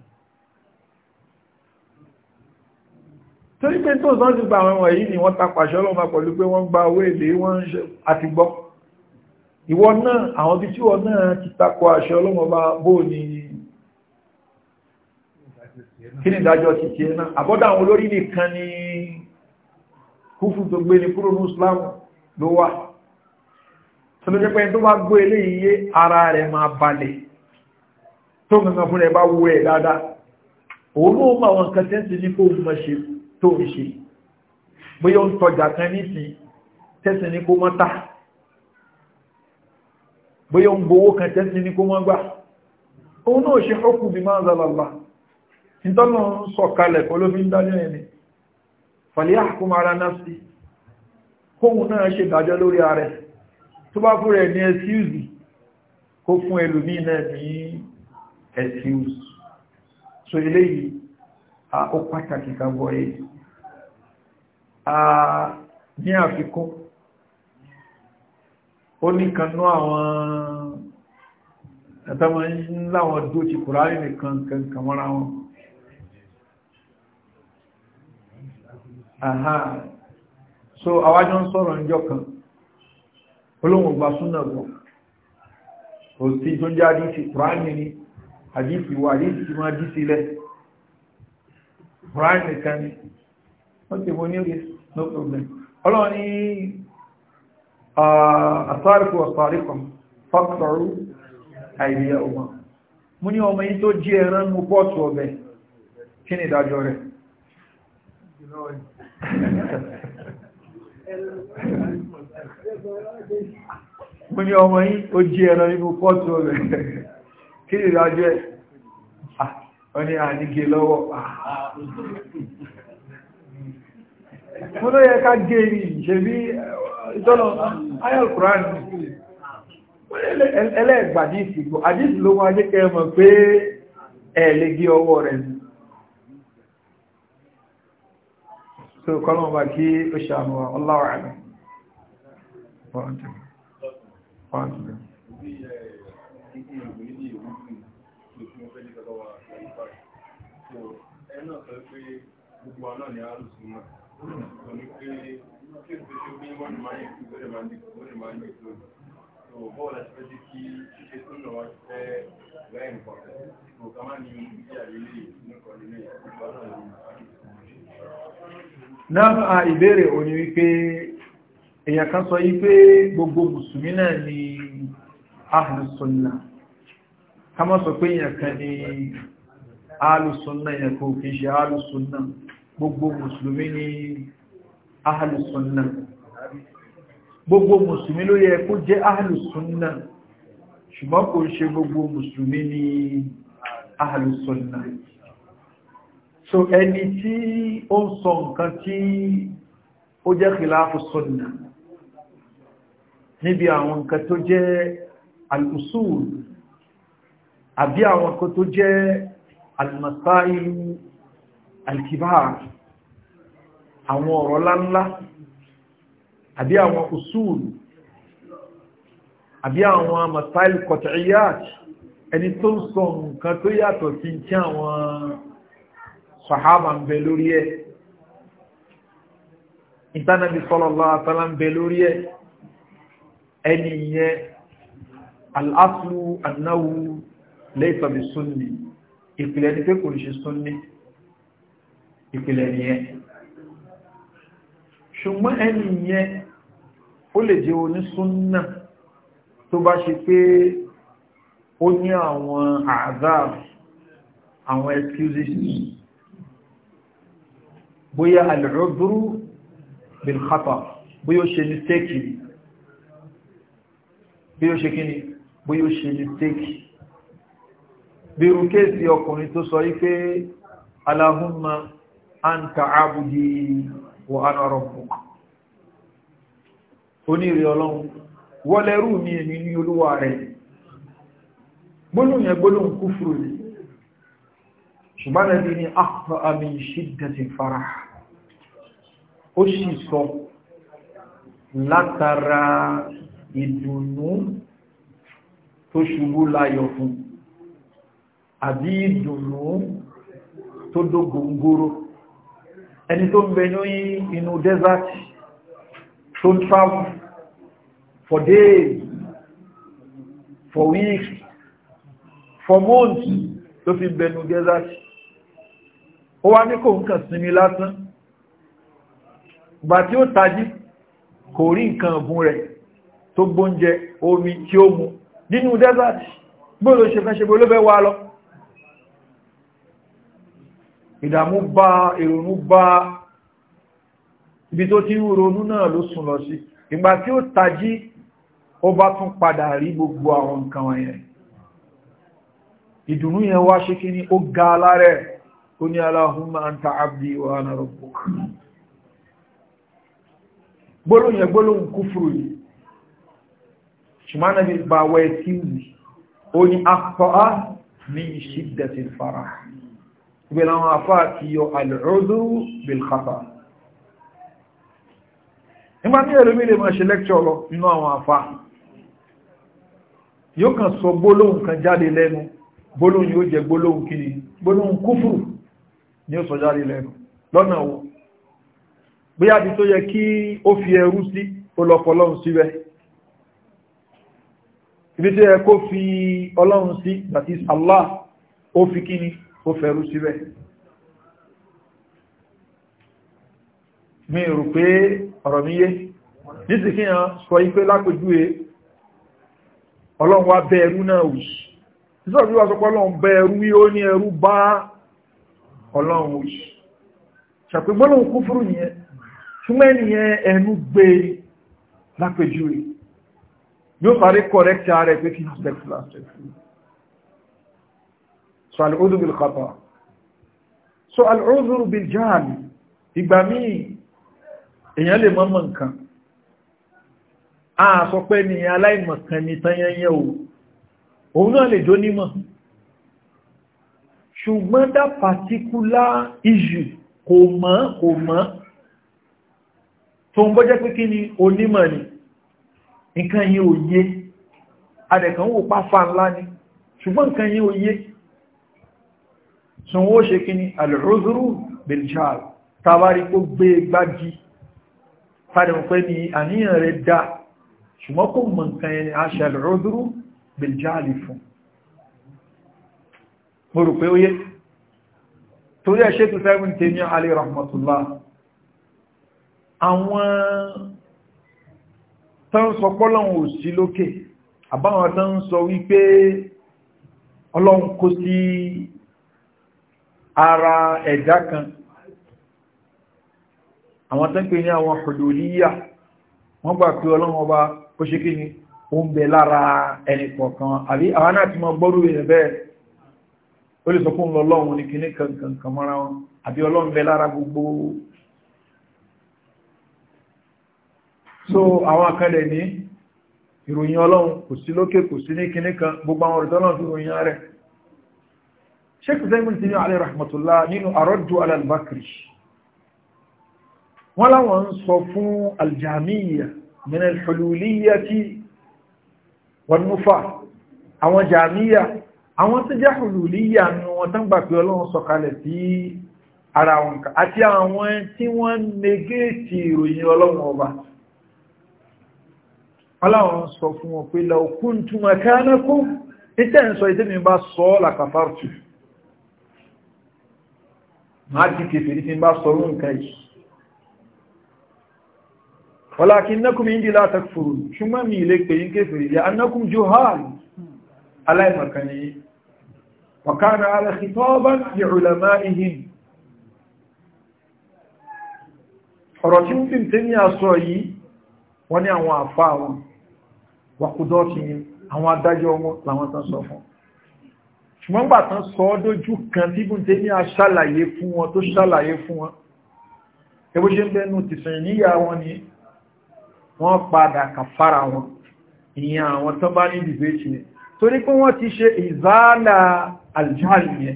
torí pé tó sọ́jú gba àwọn wọ̀nyí ni wọ́n tapàṣọ́ lọ́mà pẹ̀lú pé wọ́n gba owó èlé wọ́n ń ṣe àti gbọ́ ìwọ náà àwọn bí tí wọ́n náà ti takọ àṣọ ọlọ́mọba bó ni kí ni ìdájọ́ ti tiẹ̀ náà àbọ́dọ̀ àwọn olórí nìkan ni kúfù tó gbé ní kúrò ní Islam ló wà tó ló jẹ́ pé tó bá gbé eléyìí yé ara rẹ̀ máa balẹ̀ tó gbẹ̀ngàn fún rẹ̀ bá wú ẹ̀ dáadáa òun náà mọ àwọn nǹkan tẹ́ǹtì ní kó mọ̀ ṣe fún tó ń ṣe bóyá ó ń tọjà kan nísìn tẹ́sí ní kó mọ́ tà bóyá ó ń gbowó kan tẹ́sí ní kó mọ́ gbà òun náà ṣe ọkùn bí máa zàlàlà ìtọ́nà ń sọ kalẹ̀ olófin dájọ́ ẹni fàlẹ́ àkómára náà sí kóhun náà ṣe dájọ́ lórí ààrẹ tó bá fún ní ẹ̀síùsì kó fún ẹlòmí náà ní ẹ̀síùsì so eléyìí ó pàtàkì kàgbọ́ ẹ̀ ní àfikún ó ní kanú àwọn ẹ̀tọ́mọ̀ láwọn dó ti kùránì nìkan kankan mọ́ra wọn àhá so àwájọ́ ń sọ̀rọ̀ ìjọ kan olóhùn ọgbà súnà bọ̀ òsì tó jẹ́ àdíṣì kùránì ni àdíṣì wà àdíṣì máa dí sílẹ̀ Quran nìkan ni wọ́n ti wọ́n ní orí no problem ọlọ́run ní àtàríkù ọ̀sàríkùn fọ́kọ̀rú àìríyà ọmọ mú ní ọmọ yìí tó jí ẹran mú pọ́ọ̀tù ọbẹ̀ kí ni ìdájọ́ rẹ̀ mú ní ọmọ yìí tó jí ẹran mú pọ́ọ̀tù ọbẹ̀ kí ni ìdájọ́ rẹ̀ wọ́n ní ànígé lọ́wọ́ mo ló yẹ ká gé ní ìṣẹ́bí eh, ìtọ́nà ayal Quran ẹlẹ́gbà ní ìsìnkú àdísì ló wọ́n ajẹ́kẹ́ mọ̀ pé ẹ̀lẹ́ gé ọwọ́ rẹ̀ so kọ́lọ̀ bá kí ó ṣàánú ọláwà rẹ̀ náà a lù sùn náà sọ ní pé kí n ṣe pé wọ́n ní máa ń yẹ̀kú wọ́n ní máa ìbéèrè òní wípé èèyàn kan sọ yí pé gbogbo mùsùlùmí náà ni ahlùsùn náà ká má sọ pé èèyàn kan ni alùsùnà yẹn kò kí ṣe alùsùnà gbogbo mùsùlùmí ni alùsùnà gbogbo mùsùlùmí ló yẹ kó jẹ́ alùsùnà ṣùgbọ́n kò ṣe gbogbo mùsùlùmí ni alùsùnà so ẹni tí ó ń sọ nǹkan tí ó jẹ́ kìláàfù sùnà níbi àwọn nǹkan tó jẹ́ alùsùn àbí àwọn nǹkan tó jẹ́ almasailu alkibar àwọn ọ̀rọ̀ láńlá àbí àwọn usul àbí àwọn masailu qat'iyyat ẹni tó ń sọ nǹkan tó yàtọ̀ sí kí àwọn sàhábà ń bẹ lórí ẹ̀ ìtànàbí sallallahu alaihi ń bẹ lórí ẹ̀ ẹni yẹn al-aslu annahu laysa ìpìlẹ̀ ní pé kò ṣe súnní ìpìlẹ̀ nìyẹn ṣùgbọ́n ẹni yẹn ó lè jẹ́ onísúnnà tó bá ṣe pé ó ní àwọn àzáàf àwọn excuses bóyá al'udru bil khata bóyá ó ṣe mistake bóyá ó ṣe kíni bóyá ó ṣe mistake bẹ̀rù kéèsì ọkùnrin tó sọ wípé Allahumma anta abudi wa ana rabbuk oníri ọlọ́run wọ́lẹ́rù ní èmi ní olúwa rẹ̀ gbólóhùn yẹn gbólóhùn kúfùrù ní ṣùgbọ́n ẹbí ni àpá àmì ṣídẹ̀tì fara ó sì sọ látara ìdùnnú tó ṣubú láyọ̀ fún àbí ìdùnnú tó dógóngóró ẹni tó ń bẹ ní inú desert tó ń travel for days for weeks for months tó fi bẹnu desert ó wá ní kò ń kàn sinmi lásán ìgbà tí ó tají kò rí nǹkan ọ̀bùn rẹ̀ tó gbóúnjẹ omi tí ó mu nínú desert bóòlò ṣe fẹ́ ṣe bóòlò fẹ́ wá lọ ìdàmú bá ìrònú bá ibi tó ti ronú náà ló sùn lọ sí ìgbà tí ó tají ó bá tún padà rí gbogbo àwọn nǹkan wọ̀nyẹn ìdùnnú yẹn wá ṣe kí ní ó ga alárẹ̀ ó ní Allahumma anta abdi wa ana ṣùgbọ́n gbẹ̀rẹ̀ àwọn afá ti yọ al'udhuru bil khata nígbà tí ẹ̀rọ mílẹ̀ máa ṣe lẹ́kṣọ́ lọ nínú àwọn afá yóò kàn sọ gbólóhùn kan jáde lẹ́nu gbólóhùn yóò jẹ gbólóhùn kiri gbólóhùn kúfùrù ni ó sọ jáde lẹ́nu lọ́nà wo bóyá ti tó yẹ kí ó fi ẹrú sí ó lọ fọlọ́run ibi tó yẹ kó fi ọlọ́run sí that is Allah ó fi kíni ó fẹ́rú síbẹ̀ mi rò pé ọ̀rọ̀ mi yé nítorí kí yàn sọ ipé lápòjúwe ọlọ́run wá bẹ ẹrú náà wì sísọ̀rọ̀ wíwá sọpọ̀ ọlọ́run bẹ ẹrú wí ó ní ẹrú bá ọlọ́run wì ṣàpégbọ́lọ́run kú fúrú nìyẹn túnmẹ́ nìyẹn ẹnu gbé lápòjúwe yóò parí correct ara ẹ̀ pé kí n sẹ́kùlá sẹ́kùlá so al'udhu bil khata so al'udhu bil jahl ìgbà míì èèyàn lè mọ́mọ̀ nǹkan a sọ pé ní aláìmọ̀kan ní tanyẹnyẹ o òun náà lè jónímọ̀ ṣùgbọ́n dá particular issue kò mọ̀ kò mọ̀ tó ń bọ́jẹ́ pé kí ni onímọ̀ ni nǹkan yí òye adẹ̀kan wò pàfà ńlá ni ṣùgbọ́n nǹkan yí òye so wọ́n ṣe kí ni alhuzuru biljal tàbárí kó gbé gbági fàdíwọ̀n pé ní àníyàn rẹ̀ dá ṣùgbọ́n kò mọ̀ nǹkan ẹni a ṣe alhuzuru biljal fún mo rò pé ó yé torí ẹ̀ ṣètò sẹ́gun tèmi alẹ́ rahmatullah àwọn tán sọ pọ́lọ́hun ara ẹ̀dá kan àwọn tó ń pè ní àwọn huduliyya wọ́n gbà pé ọlọ́run ọba ó ṣe kí ni ó ń bẹ lára ẹni kọ̀ọ̀kan àbí àwọn náà ti mọ gbọ́rú rẹ̀ bẹ́ẹ̀ ó lè sọ fún ọlọ́run ní kan mọ́ra wọn àbí ọlọ́run bẹ lára gbogbo so àwọn akẹ́lẹ̀ ní ìròyìn ọlọ́run kò sí lókè kò sí ní gbogbo àwọn sheikh zaymin tini alayhi rahmatullah nínú arọ́jú alalbakri wọ́n láwọn ń sọ fún aljamiya minal hululiya ti wọn nufa àwọn jamiya àwọn tí jẹ́ hululiya nù wọn tán gbà pé ọlọ́run sọkalẹ̀ sí ara wọn ká àti àwọn tí wọ́n negéètì ìròyìn ọlọ́run ọba aláwọn sọ fún wọn pé law kuntu makanakum ìtẹ́ ń sọ ìtẹ́ mi bá máa ti kèfèrí tí bá sọ rún nǹkan yìí walakin nakum indi la takfurun ṣùgbọ́n mi ilé pè yín kèfèrí ya annakum juhal aláìmọ̀kànnì wa kana ala khitaban li ulama'ihim ọ̀rọ̀ tí ń fi tẹ́ ní àṣọ yìí wọ́n ní àwọn àfá wọn wàkúdọ́ ṣùgbọ́n gbà tán sọ ọ́ dójú kan tí bùn tẹ́mí a ṣàlàyé fún wọn tó ṣàlàyé fún wọn ẹbó ṣe ń bẹnu tìsàn níyà wọn ni wọ́n padà kàfàrà wọn ìyẹn àwọn tó bá ní dìbẹ́tì yẹn torí pé wọ́n ti ṣe ìzálà àlùjáàlì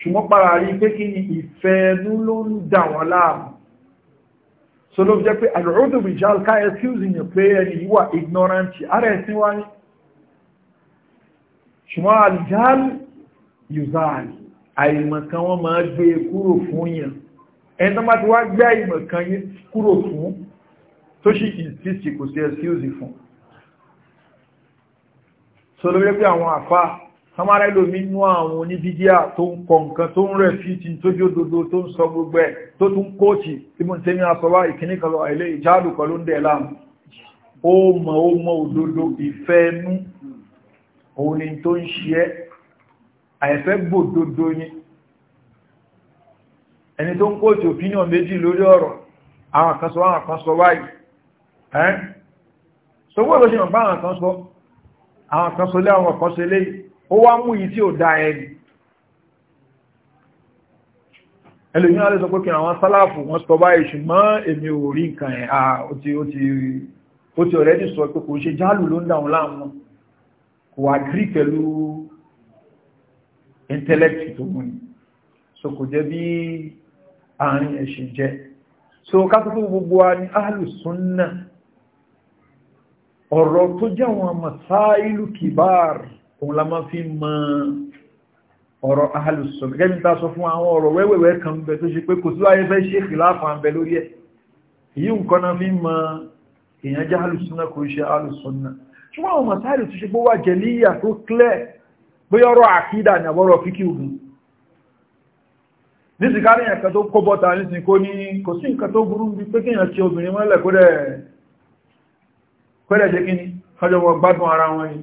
ṣùgbọ́n para rí pé kí ni ìfẹ́ ẹnu ló ń dà wọ́n láàmú so ló jẹ́ pé àlùrọ́dù bìjàl ká ṣùgbọ́n àlùjáàlì yuzani àìmọ̀kan wọ́n máa gbé e kúrò fún yàn ẹni tó máa ti wá gbé àìmọ̀kan yí kúrò fún tó sì ìsìsì kò sí ẹ̀síòsì fún so lórí pé àwọn àfá samara ilomi nú àwọn oníbídíà tó ń kọ nǹkan tó ń rẹ̀ fíti tó jó dodo tó ń sọ gbogbo ẹ̀ tó tún kóòtì tí mo tẹ́ ní asọ́wá ìkíníkanlọ ilé ìjáàlù kan ló ń dẹ̀ láàmù ó mọ̀ ó mọ̀ òdodo ìfẹ́ ẹnu òun ni tó ń ṣe àìfẹ́ gbòdodo ni ẹni tó ń kóòtù opinion méjì lórí ọ̀rọ̀ àwọn kan sọ àwọn kan sọ wáyìí ẹ́ so wọ́n lọ sí ọ̀pá àwọn kan sọ àwọn kan sọ lé àwọn kan sọ lé ó wá mú yìí tí ò dá ẹni ẹlòmí alẹ́ sọ pé kí àwọn sálàfù wọ́n sọ báyìí ṣùgbọ́n èmi ò rí nǹkan ẹ̀ à ó ti ọ̀rẹ́dì sọ pé kò ṣe jálù ló ń dáhùn láàmú kò àgírí pẹ̀lú intellect tó mú ni so kò jẹ́ bí àárín ẹ̀ṣẹ̀ jẹ́ so kásìkò gbogbo wa ní ahlùsúnnà ọ̀rọ̀ tó jẹ́ àwọn masáìlú kìbáàr òun la máa fi mọ ọ̀rọ̀ ahlùsúnnà gẹ́gẹ́ bí ta sọ fún àwọn ọ̀rọ̀ wẹ́wẹ́wẹ́ kan bẹ tó ṣe pé kò sí wáyé fẹ́ ṣe kìláàfà ń bẹ lórí ẹ̀ èyí nǹkan náà fi mọ èèyàn jẹ́ ahlùsúnnà kò ṣe ahlùsúnnà ṣùgbọ́n àwọn masáìlú tó ṣe gbówà jẹ̀líyà tó clear bóyá ọ̀rọ̀ àkídà ní àbọ̀rọ̀ fíkì ogun nísì ká níyàn kan tó kó bọ́ta nísì kó ní kò sí nǹkan tó burú bí pé kíyàn tí obìnrin mọ́lẹ̀ kódẹ̀ jẹ́ kíní kọjọ wọn gbádùn ara wọn ni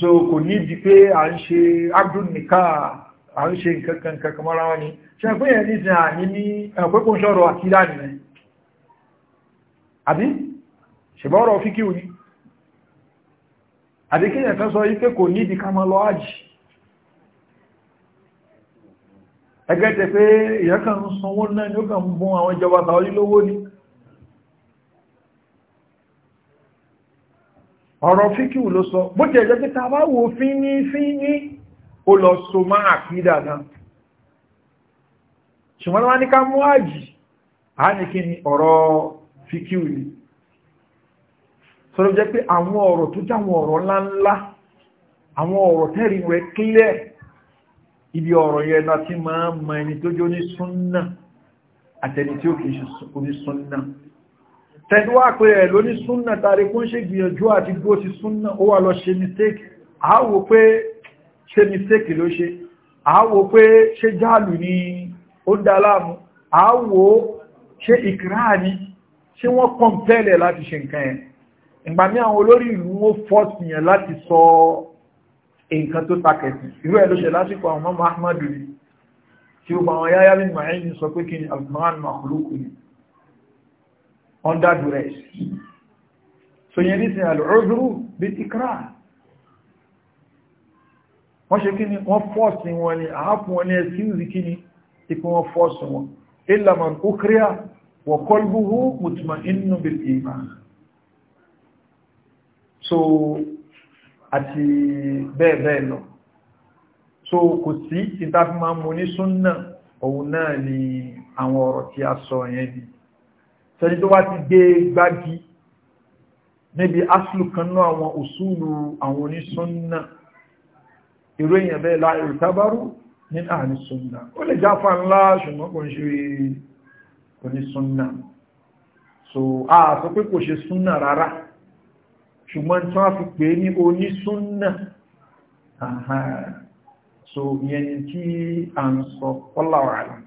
so kò ní di pé à ń ṣe abdul nika à ń ṣe nǹkan kankan mọ́ra wọn ni àbí kí ẹ̀kan sọ yí pé kò nídi ká mọ́ lọ ájì ẹgbẹ́ tẹ pé ìyẹ́kàn ń sanwó náà ni ó kàn ń bún àwọn ìjọba tàwọn olílówó ni ọ̀rọ̀ fíkíù ló sọ bó jẹ́ jẹ́ pẹ́ta bá wo fíní fíní ó lọ so máa àkídà náà ṣùgbọ́n wọ́n ní ká mú ájì á ní kí ni ọ̀rọ̀ fíkíù ni sọ́rọ̀ jẹ́ pé àwọn ọ̀rọ̀ tó jáwọn ọ̀rọ̀ ńláńlá àwọn ọ̀rọ̀ tẹ́rì rẹ̀ clear ibi ọ̀rọ̀ yẹn náà ti máa ń mọ ẹni tó jó ní súnnà àtẹni tí ó kìí ṣe oní súnnà tẹ́dúwà pé ẹ̀ ló ní súnnà tàrí kún ṣe gbìyànjú àti gbó ti súnnà ó wà lọ ṣe mistake àáwò pé ṣe mistake ló ṣe àáwò pé ṣe jáàlù ni ó dá láàmú àáwò ṣe ìkìrá ni ṣe wọ́n kọ́ńpẹ́lẹ̀ láti ṣe nǹkan yẹn ìgbà mí àwọn olórí ìlú ó fọ́ọ̀sì yẹn láti sọ nǹkan tó takẹ̀sì irú ẹ̀ ló ṣe lásìkò àwọn mọ́mọ́ ahmadu ni tí ó bá wọn yáyá bí màá ní sọ pé kí ni alkumaran makhluku ni under duress so yẹn ní sin alùrùdúrú bí ti kíra wọ́n ṣe kí ni wọ́n fọ́ọ̀sì wọn ni àápùn wọn ni ẹ̀sìnzì kí ni ikú wọn fọ́ọ̀sì wọn ìlàmà ukriya wa qalbuhu mutma'innun bil iman so àti bẹ́ẹ̀ bẹ́ẹ̀ lọ so kò sí ìtàfi máa mú ní súnnà òun náà ni àwọn ọ̀rọ̀ tí a sọ yẹn ni sẹ́ni tó wá ti gbé gbági níbi aṣlù kan náà àwọn òṣùlù àwọn onísúnnà irú èèyàn bẹ́ẹ̀ láàrín ìtàbárù ní àní súnnà ó lè jáfà ńlá ṣùgbọ́n kò ń ṣe onísúnnà so a sọ pé kò ṣe súnnà rárá ṣùgbọ́n tí wọ́n fi pè ní onísúnnà so yẹn tí a ń sọ ọláwà rẹ̀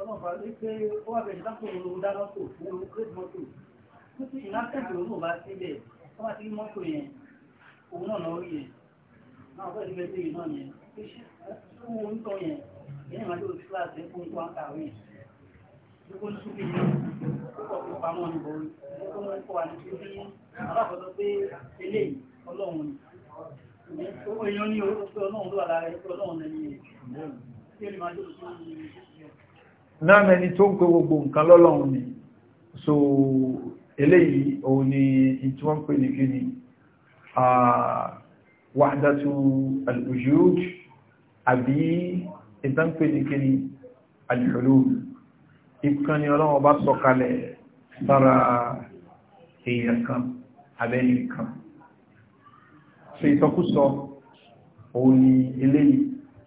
ọlọ́pàá lé pé ó wà bẹ̀rẹ̀ lápò olóòrùn dáná tó fún olóòrùn mọ́tò. Ó ti ìlàkẹ́ Gbogbo ní ṣúgbì ní ọkọ̀ fún pamọ́ ní borí, ó mọ́ kọ́ wà ní ṣúgbì ní alákọ̀ọ́tọ́ pé eléyìí ọlọ́run ni. Ó èèyàn ní orúkọ pé ọlọ́run ló wà lára ẹ̀ pé ọlọ́run lẹ́ni ẹ̀. ní So eléyìí òun ni ìtí wọ́n ní kí ni. Ah, wàdàtù al-ujúj àbí ìdánpé nìkiri al-hulul ìkan ni ọlọ́wọ́ bá sọ̀kalẹ̀ sára èèyàn kan abẹ́ni kan so ìtọkúsọ òun ni eléyìí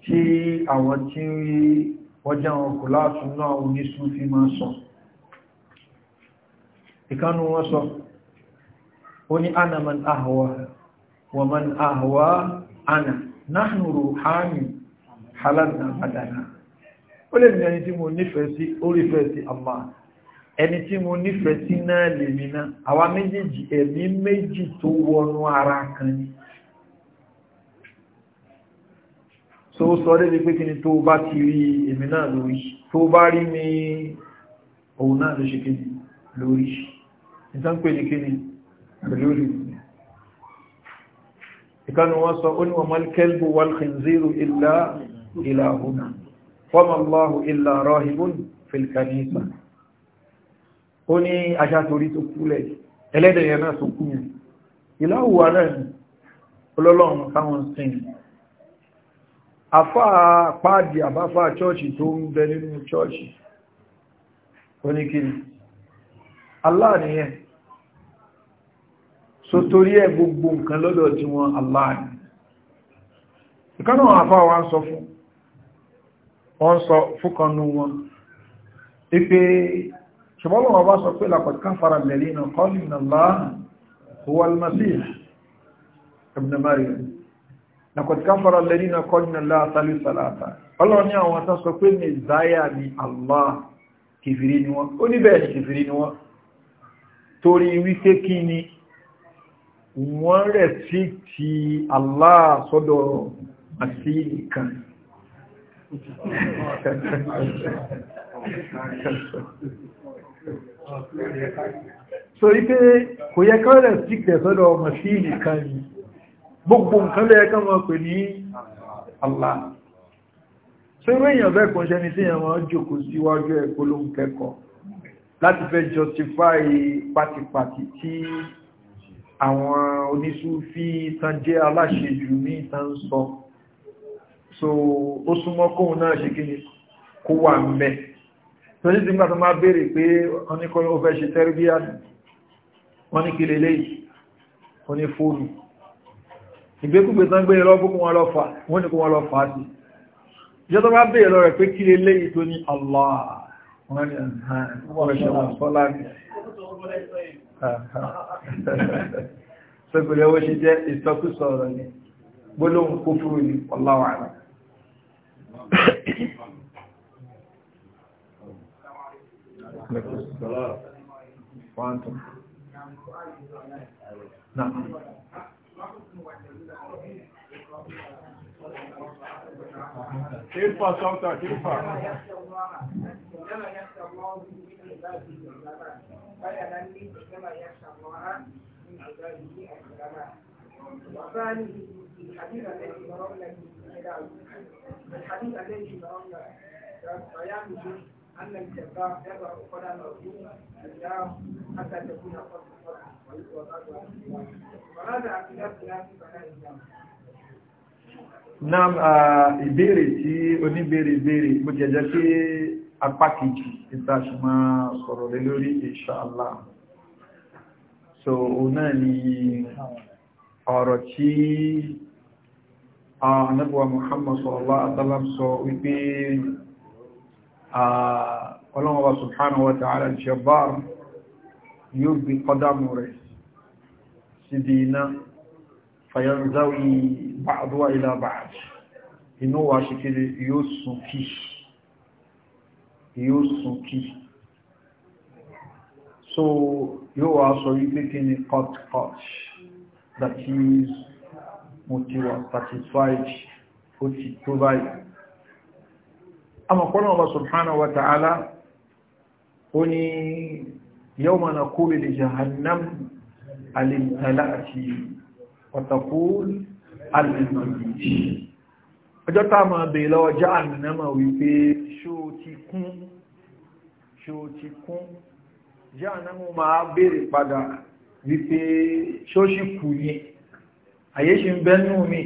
tí àwọn tí ń rí ọjà ọkù látún náà oníṣú fi máa sọ ìkanu wọn sọ ومن أهوى أنا نحن روحاني حللنا بدنا ó lè من نفسي أولي mo nífẹ̀ẹ́ sí orífẹ́ sí Allah ẹni tí mo nífẹ̀ẹ́ sí náà lè mi náà àwa méjèèjì ẹ̀mí méjì tó wọnú ara kan ni so sọ débi pé kí ni tó bá ti rí èmi náà lórí tó bá rí mi òun náà ló ṣe kí lórí ìtàn pè ní kí ni lórí ìkanu wọn sọ ó ní wọn mọ́lẹ́kẹ́lbù wal-khinziru illa ilahuna fọ́mọ̀láhù illa rahibun filkanisa ó ní aṣátorí tó kúlẹ̀ ẹlẹ́dẹ̀yẹ náà tó kú yẹn ìláhù wa náà ni olólọ́run táwọn sin afá páàdì àbáfá chọ́ọ̀chì tó ń bẹ nínú chọ́ọ̀chì oníkiri aláàníyàn so torí ẹ gbogbo nǹkan lọ́dọ̀ tí wọ́n Allah ni ìkánà àfá wa ń sọ fún wọ́n sọ fúkanú wọn ipé ṣùgbọ́n wọ́n bá sọ pé laqad kafara alladhina qalu inna Allaha huwa al-Masih ibn Maryam laqad kafara alladhina qalu inna Allaha thalithu thalatha ọlọ́ni àwọn tán sọ pé kìfìrí ni wọ́n ó níbẹ̀ ni ni wọ́n torí wípé kí ni wọ́n rẹ̀ sí ti Allah sọ́dọ̀ àti ìkan so ike kò yẹ kọ́ rẹ̀ sí tẹ̀sọ́dọ̀ àti ìkan ni gbogbo nǹkan lẹ́yẹ kọ́ mọ́ pè ní Allah so irú èèyàn bẹ́ẹ̀ kan ṣẹni tí èèyàn máa jòkó síwájú ẹ̀kọ́ ló ń kẹ́kọ̀ọ́ láti fẹ́ justify pátípátí tí àwọn onísúfí tán jẹ́ aláṣejù ní tán sọ so ó súnmọ́ kóhun náà ṣe kí ni kó wà mẹ́ tó ní sígbà tó máa béèrè pé wọ́n ní kọ́lọ́ fẹ́ ṣe tẹ́rìbíà wọ́n ní kìlẹ̀ lẹ́yìn wọ́n ní fóònù ìgbékúgbé tán gbé lọ́gbùn sọ́kùnrin owó ṣe jẹ́ ìsọkúsọ ọ̀rọ̀ ni gbólóhùn kó fúrú ni ọláwà rẹ̀ Kífà ولا من إنما يخشى الله من عباده العلماء وثانيه الحديث الذي ضربنا الحديث الذي ضربنا بيانه أن الكفار يضع قدمه في النار حتى تكون قد وهذا اعتقادنا في بناء الجامعة Nam ìbéèrè tí oníbéèrè béèrè bó jẹjẹ pé apá kejì títà ṣe sọ̀rọ̀ lé lórí inshallah so òun náà ni ọ̀rọ̀ tí anábọ̀wà Muhammad sallallahu alaihi wasallam sọ wípé ọlọ́wọ́wà subhanahu wa ta'ala jabbar yóò gbé kọ́dámù rẹ̀ síbi iná fayanzawi ba'duwa ila ba'd inú wa ṣe kéré yóò sùn kìí yóò súnkí so yóò wá sọ wípé kí ni cut cut that is mo ti wà satisfied ó ti tó báyìí amọ̀kọ́nà Allah subhanahu wa ta'ala ó ní yawma naqulu li jahannam alimtala'ati wa taqulu alimtala'ati ọjọ́ tá máa bèèrè lọ́wọ́ jahannama wípé ṣó ti kún ṣó ti kún jahannama máa bèèrè padà wípé ṣó ṣì kù ní àyè ṣì ń bẹ́nú mi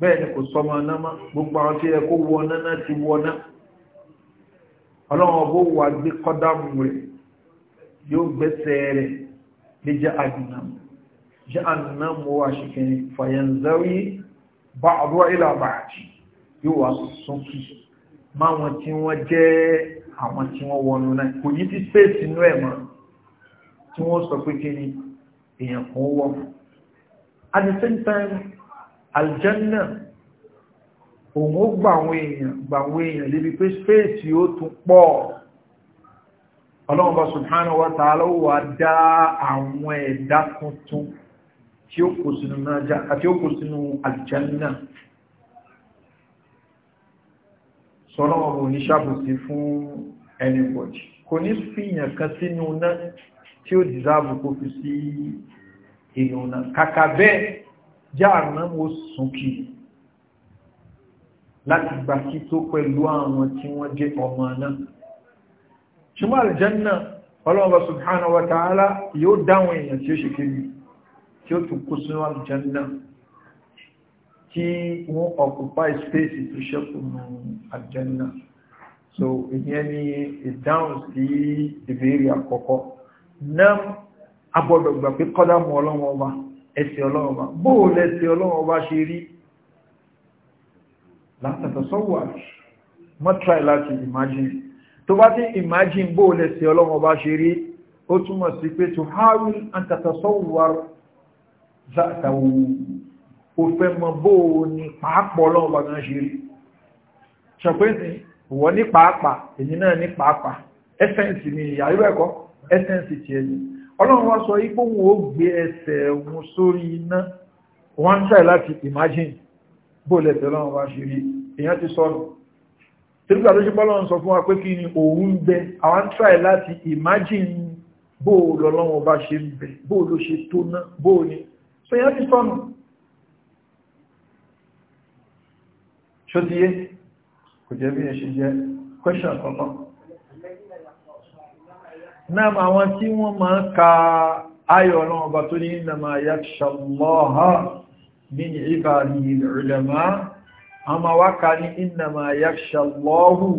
bẹ́ẹ̀ ni kò sọmọ náà gbogbo àwọn tí ẹ kó wọná náà ti wọná ọlọ́run ọgbó wà gbé kọ́dámù rẹ̀ yóò gbẹ́sẹ̀ rẹ̀ lè jẹ́ àdìnàmù jẹ́ àdìnàmù wà ṣìkẹ̀yìn bá ọ̀rọ̀ ilẹ̀ àbàájì yóò wá sọ́kì máa wọn tí wọ́n jẹ́ àwọn tí wọ́n wọnú náà kò ní ti space inú ẹ̀ mọ́ tí wọ́n sọ pé kí ni èèyàn kan wọ́n at the same time aljanna òun ó gbà àwọn èèyàn gbà àwọn èèyàn débi pé space yóò tún pọ̀ ọlọ́run bá subhanahu wa ta'ala wà dá àwọn ẹ̀dá tuntun tí ó kò sínú náà àti ó kò sínú aljanna sọ́nà ọmọ oníṣàbòsí fún anybody kò ní fíyàn kan sínú náà tí ó dìzáàbù kó fi sí inú náà kàkà bẹ́ẹ̀ jáàrùn ó súnkì láti gbà kí tó pẹ̀lú àwọn tí wọ́n jẹ́ ọmọ náà ṣùgbọ́n aljanna ọlọ́wọ́ subhanahu wa ta'ala yóò dáwọn èèyàn tí ó ṣe kéré tí ó tún kó sínú àlùjánnà tí wọ́n occupy space tó ṣẹ́kù nù àlùjánnà so ìyẹn ni ìdáhùn sí ìbéèrè àkọ́kọ́ náà agbọ́dọ̀ gbà pé kọ́dá mú ọlọ́wọ́ ọba ẹ̀sìn ọlọ́wọ́ ọba bóò lẹ́sìn ọlọ́wọ́ ọba ṣe rí látàtà sọ́wọ́ mọ́ try láti imagine tó bá ti imagine bóò lẹ́sìn ọlọ́wọ́ ọba ṣe rí ó túmọ̀ sí pé to how and tàtà sọ́wọ́ zàtàwò ó fẹ́ mọ bó o ní pàápọ̀ ọlọ́run bá náà ṣe rí ṣọ̀pẹ́sì wọ́n ní pàápàá èyí náà ní pàápàá ẹsẹ̀nsì ni ìyá irú ẹ̀kọ́ ẹsẹ̀nsì ti ẹ̀yìn ọlọ́run wá sọ ipò wọn ó gbé ẹsẹ̀ wọn sórí iná wọ́n ń tẹ̀ láti imagine bó lẹ́tẹ̀ ọlọ́run wá ṣe rí èèyàn ti sọnù tìrìkà tó ṣe bọ́lọ́run sọ fún wa pé kí ni òun bẹ àwọn ń tẹ̀ láti imagine bó lọ́lọ́run bá ṣe ń bẹ bó ló ṣe tó bó ni so yẹn ti sọnù ṣótíyé kò jẹ́ bí ẹ ṣe jẹ́ question àkọ́kọ́ náà àwọn tí wọ́n máa ń ka ayọ̀ ọ̀nà ọba tó ní ìnàmà yaṣàlọ́ha min ibadihi al-ulama ní ìnàmà yaṣàlọ́hù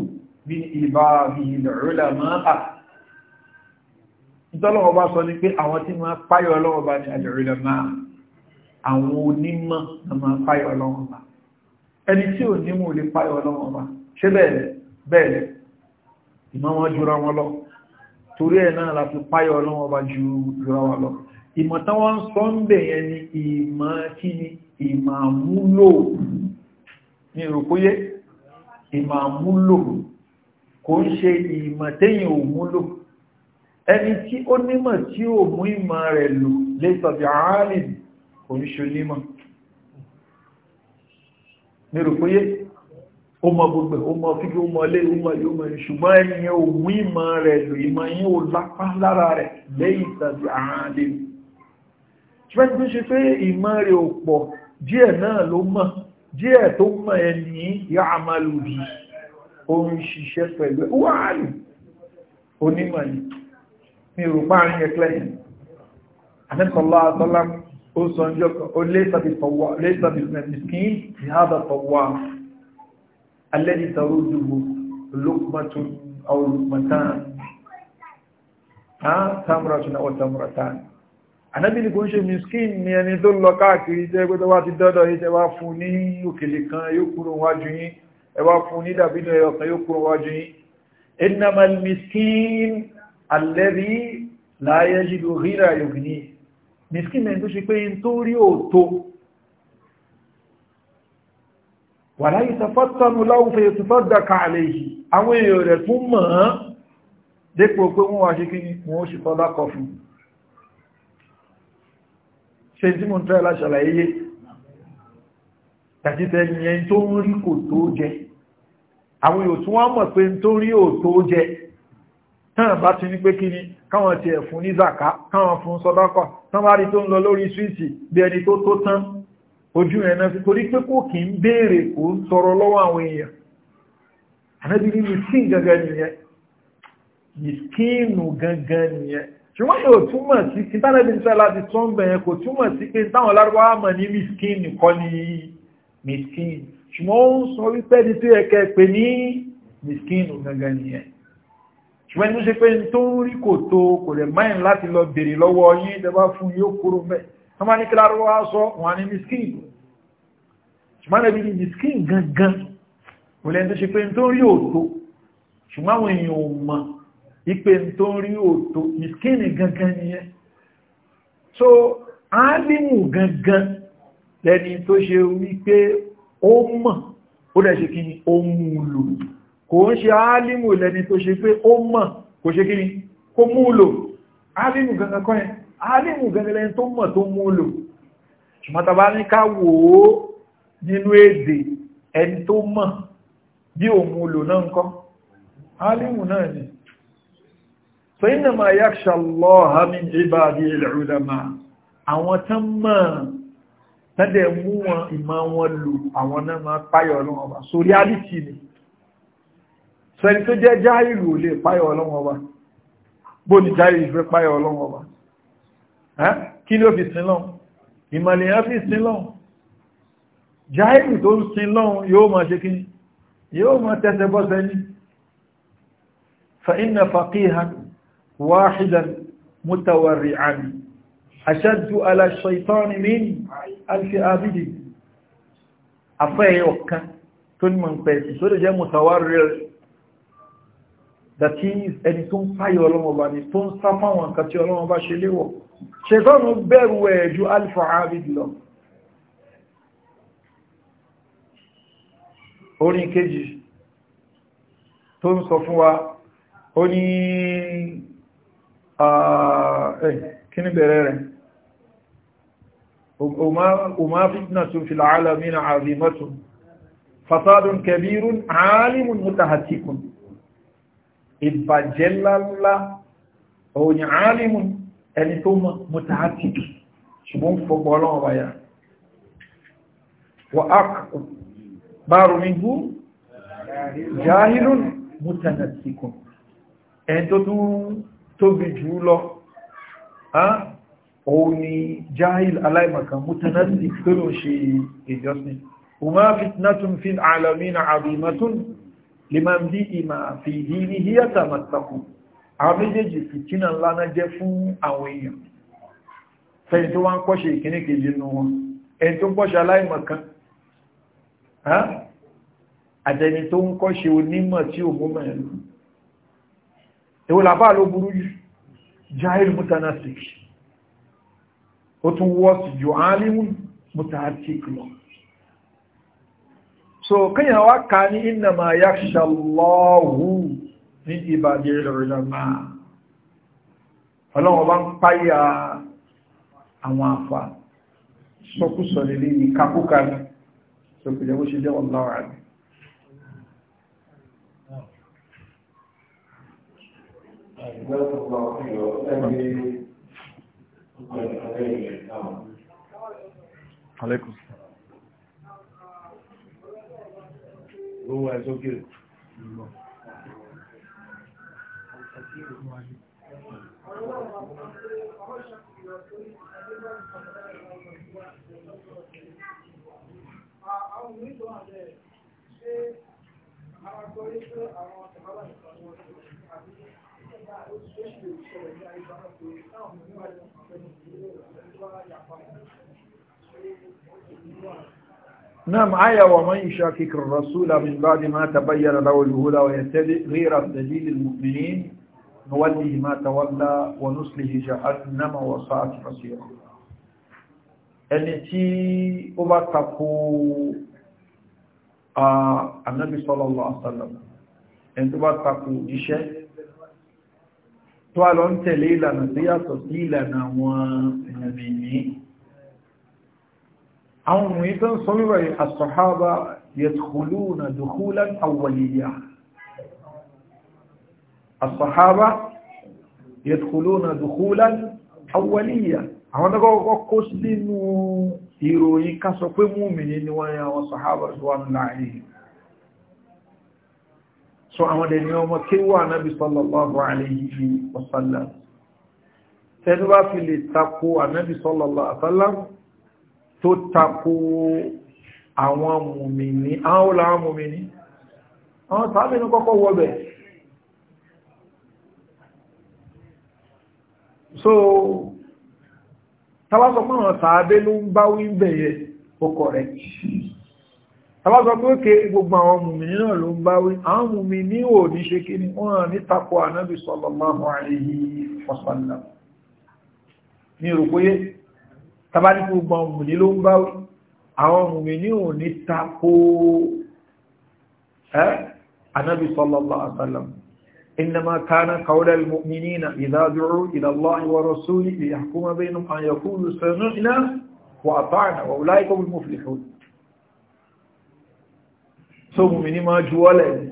bá sọ ní pé àwọn tí máa páyọ̀ ọlọ́wọ́ bá ní al-ulama àwọn onímọ̀ na máa páyọ̀ ọlọ́run bá ẹni tí ò ní mú lè páyọ̀ ọlọ́run bá ṣe bẹ́ẹ̀lẹ̀ bẹ́ẹ̀lẹ̀ ìmọ̀ wọn jura wọn lọ torí ẹ̀ náà láti páyọ̀ ọlọ́run bá jura wọn lọ ìmọ̀ táwọn sọ ń bẹ̀ yẹn ni ìmọ̀ kí ni ìmọ̀ àmúlò ní ìròkóyé ìmọ̀ àmúlò kò ń ṣe ìmọ̀ téyìn òmúlò ẹni tí ó nímọ̀ tí ò mú ìmọ̀ rẹ̀ lò lè sọ̀bì àárín oníṣonímọ̀ mẹ́rò péye ó mọ gbogbo ó mọ fíkí ó mọ lé ó mọ yóò mọ ṣùgbọ́n ẹ̀yìn òun ìmọ̀ rẹ̀ lò ìmọ̀ yí ò lápá lára rẹ̀ lẹ́yìn tàbí àárín lè ṣùgbọ́n tó ṣe pé ìmọ̀ rẹ̀ ò pọ̀ díẹ̀ náà ló mọ̀ díẹ̀ tó mọ̀ ẹni yá àmàlù yìí ó sọ ọjọ́ kan ó lẹ́sà bí mẹ́sìkín ti ha bá tọ̀wà alẹ́ni tàró dùgbò lókùmọ̀tún àwòrùmọ̀tán tàmùràtún àwọn tàmùràtán anábì ní kò ń ṣe mẹ́sìkín ni ẹni tó lọ káàkiri jẹ́ pé tó wá ti dọ́dọ̀ yìí tẹ́wà fún ní òkèlè kan yóò kúrò wájú yín ẹwà fún ní dàbínú ẹyọ kan yóò kúrò wájú miskin ẹni tó ṣe pé ń tó rí òtó wà láyé sàfọ́tọ́nù láwùfẹ́ yóò tún fọ́dà kààlẹ̀ yìí àwọn èèyàn rẹ̀ tún mọ̀ ọ́n dépò pé wọ́n wá ṣe kí wọ́n ṣe fọ́dà kọ fún ṣe tí mo ń tẹ́lá ṣàlàyé tàbítẹ́ ìyẹn tó ń rí kò tó jẹ àwọn èèyàn tún wá mọ̀ pé ń tó rí òtó jẹ tán bá ti ní pé kí ni káwọn ti ẹ̀fún ní zaka káwọn fún sọ́dọ́kọ̀ tán bá rí tó ń lọ lórí swíìtì bí ẹni tó tó tán ojú ẹ̀nà sí torí pé kò kí ń béèrè kò ń sọ̀rọ̀ lọ́wọ́ àwọn èèyàn ànábì ní miskin gangan nìyẹn miskinu gangan nìyẹn ṣùgbọ́n yóò túmọ̀ sí kí tánàbí ń sẹ́la ti tán miskin ṣùgbọ́n ó sọ wípé ẹni tó yẹ kẹ́ ní miskinu gangan nìyẹn ṣùgbọ́n ní ṣe pé tó ń rí kò tó kò lè máyìn láti lọ bèèrè lọ́wọ́ yín ìjọba fún yóò kúrò mẹ́ wọ́n máa ní kí lárọ́ wá sọ wọn ní miskin ṣùgbọ́n tó ṣe so áálímù gangan lẹni tó ṣe wípé ó mọ̀ ó dẹ̀ kí ni ó mú un kò ń ṣe álìmù lẹni tó ṣe pé ó mọ̀ kò ṣe kíni kó múlò álìmù gangan kọ́ yẹn álìmù gangan lẹni tó mọ̀ tó múlò ṣùgbọ́ntàbá ní ká wò ó nínú èdè ẹni tó mọ̀ bí ò múlò náà ń kọ́ álìmù náà ni فإنما يخشى الله من عباده العلماء àwọn tán mọ̀ tán mú wọn ìmọ̀ wọn lò àwọn náà máa páyọ̀ ọlọ́run ọba sórí álìtì ni sẹ́ni tó jẹ́ jáìlù lè páyọ̀ ọlọ́wọ́ ọba bó ni jáìlù fẹ́ páyọ̀ ọlọ́wọ́ ọba kí ló fi sin lọ́n ìmọ̀lẹ̀ yẹn fi sin lọ́n jáìlù tó ń sin lọ́n yóò máa ṣe kí yóò máa tẹ́sẹ̀ bọ́ sẹ́ni فإن فقيها واحدا متورعا أشد على الشيطان من ألف آبد أفايوكا تنمن بيتي سورة جاء متورع that is ẹni tó ń fáyọ ọlọ́mọba ni tó ń sá fáwọn nǹkan tí ọlọ́mọba ṣe léwọ̀ ṣetọ́nù bẹ̀rù ẹ̀ ju alifa abid lọ orin kejì tó ń sọ fún wa ó ní ah, eh, kí ní bẹ̀rẹ̀ rẹ̀ وما فتنة في العالمين عظيمة فساد كبير عالم متهتك ìbàjẹ́ ńláńlá òun àálìmù ẹni tó mọ̀ mọ̀tàátìkì ṣùgbọ́n fọ́gbọ́ ọlọ́wọ́ báyà wà ákùn bárùmígbú jáhìlùn mọ̀tàátìkùn ẹni tó tún tóbi jù lọ òun ni jáhìl aláìmọ̀kan mọ̀tàátìkì tó lọ ṣe ìjọsìn liman bí ìmà fi ìdí ní híyàtà màtàkù àwọn méjèèjì fìtínà ńlá náà jẹ́ fún àwọn èèyàn fẹ́yìn tó wá ń kọ́ṣe ìkíní kejì nù wọn ẹni tó ń kọ́ṣe aláìmọ̀kan àtẹni tó ń kọ́ṣe onímọ̀ tí ò mú mẹ́rin so kíyàn wá ká ní innama yakhsha Allahu ní ìbàdí ìrìnàmà ọlọ́wọ́ bá ń páyà àwọn àfà sọkúsọ lè ní kakúkà ní sọkùnjẹ́ bó ṣe jẹ́ wallahu a'lam Alaikum. owó ẹ̀ sókè Thank you. نعم آية ومن يشاكك الرسول من بعد ما تبين له الهدى ويتبع غير الدليل المؤمنين نوله ما تولى ونصله جهنم وساءت مصيرا ẹni tí ó bá tako ànábì sallallahu alaihi wasallam ẹni tó bá tako iṣẹ́ tó a lọ ń tẹ̀lé ìlànà tó yàtọ̀ sí ìlànà àwọn ènìyàn أو أيضا صلوا الصحابة يدخلون دخولا أوليا الصحابة يدخلون دخولا أوليا أنا أقول قصد إنه يروي كسر مؤمنين ويا وصحابة رضوان الله عليهم سو أمد اليوم كوا النبي صلى الله عليه وسلم تنوى في التقوى النبي صلى الله عليه وسلم tó takò àwọn mùmìnì àwọn olà àwọn mùmìnì àwọn sàábìnú kọ́kọ́ wọ́bẹ̀ so tàbásọ pé àwọn sàábé ló ń bá wí bẹ̀yẹ ọkọ̀ rẹ̀ tàbásọ pé òkè gbogbo àwọn mùmìnì náà ló ń bá wí àwọn mùmìnì ò ní ṣe kí ni wọ́n ní takò ànábì sallallahu alaihi wasallam ní ìrùkóyé tabari gbogbo àwọn mùmìnì ló ń báwí àwọn mùmìnì ò ní tako ẹ́ anábì sallallahu alaihi wasallam innama kana qawla al-mu'minina idha du'u ila Allahi wa rasulihi li yahkuma baynahum an yaqulu sami'na wa ata'na wa ulaika humul muflihun so mùmìnì máa juwọ́lẹ̀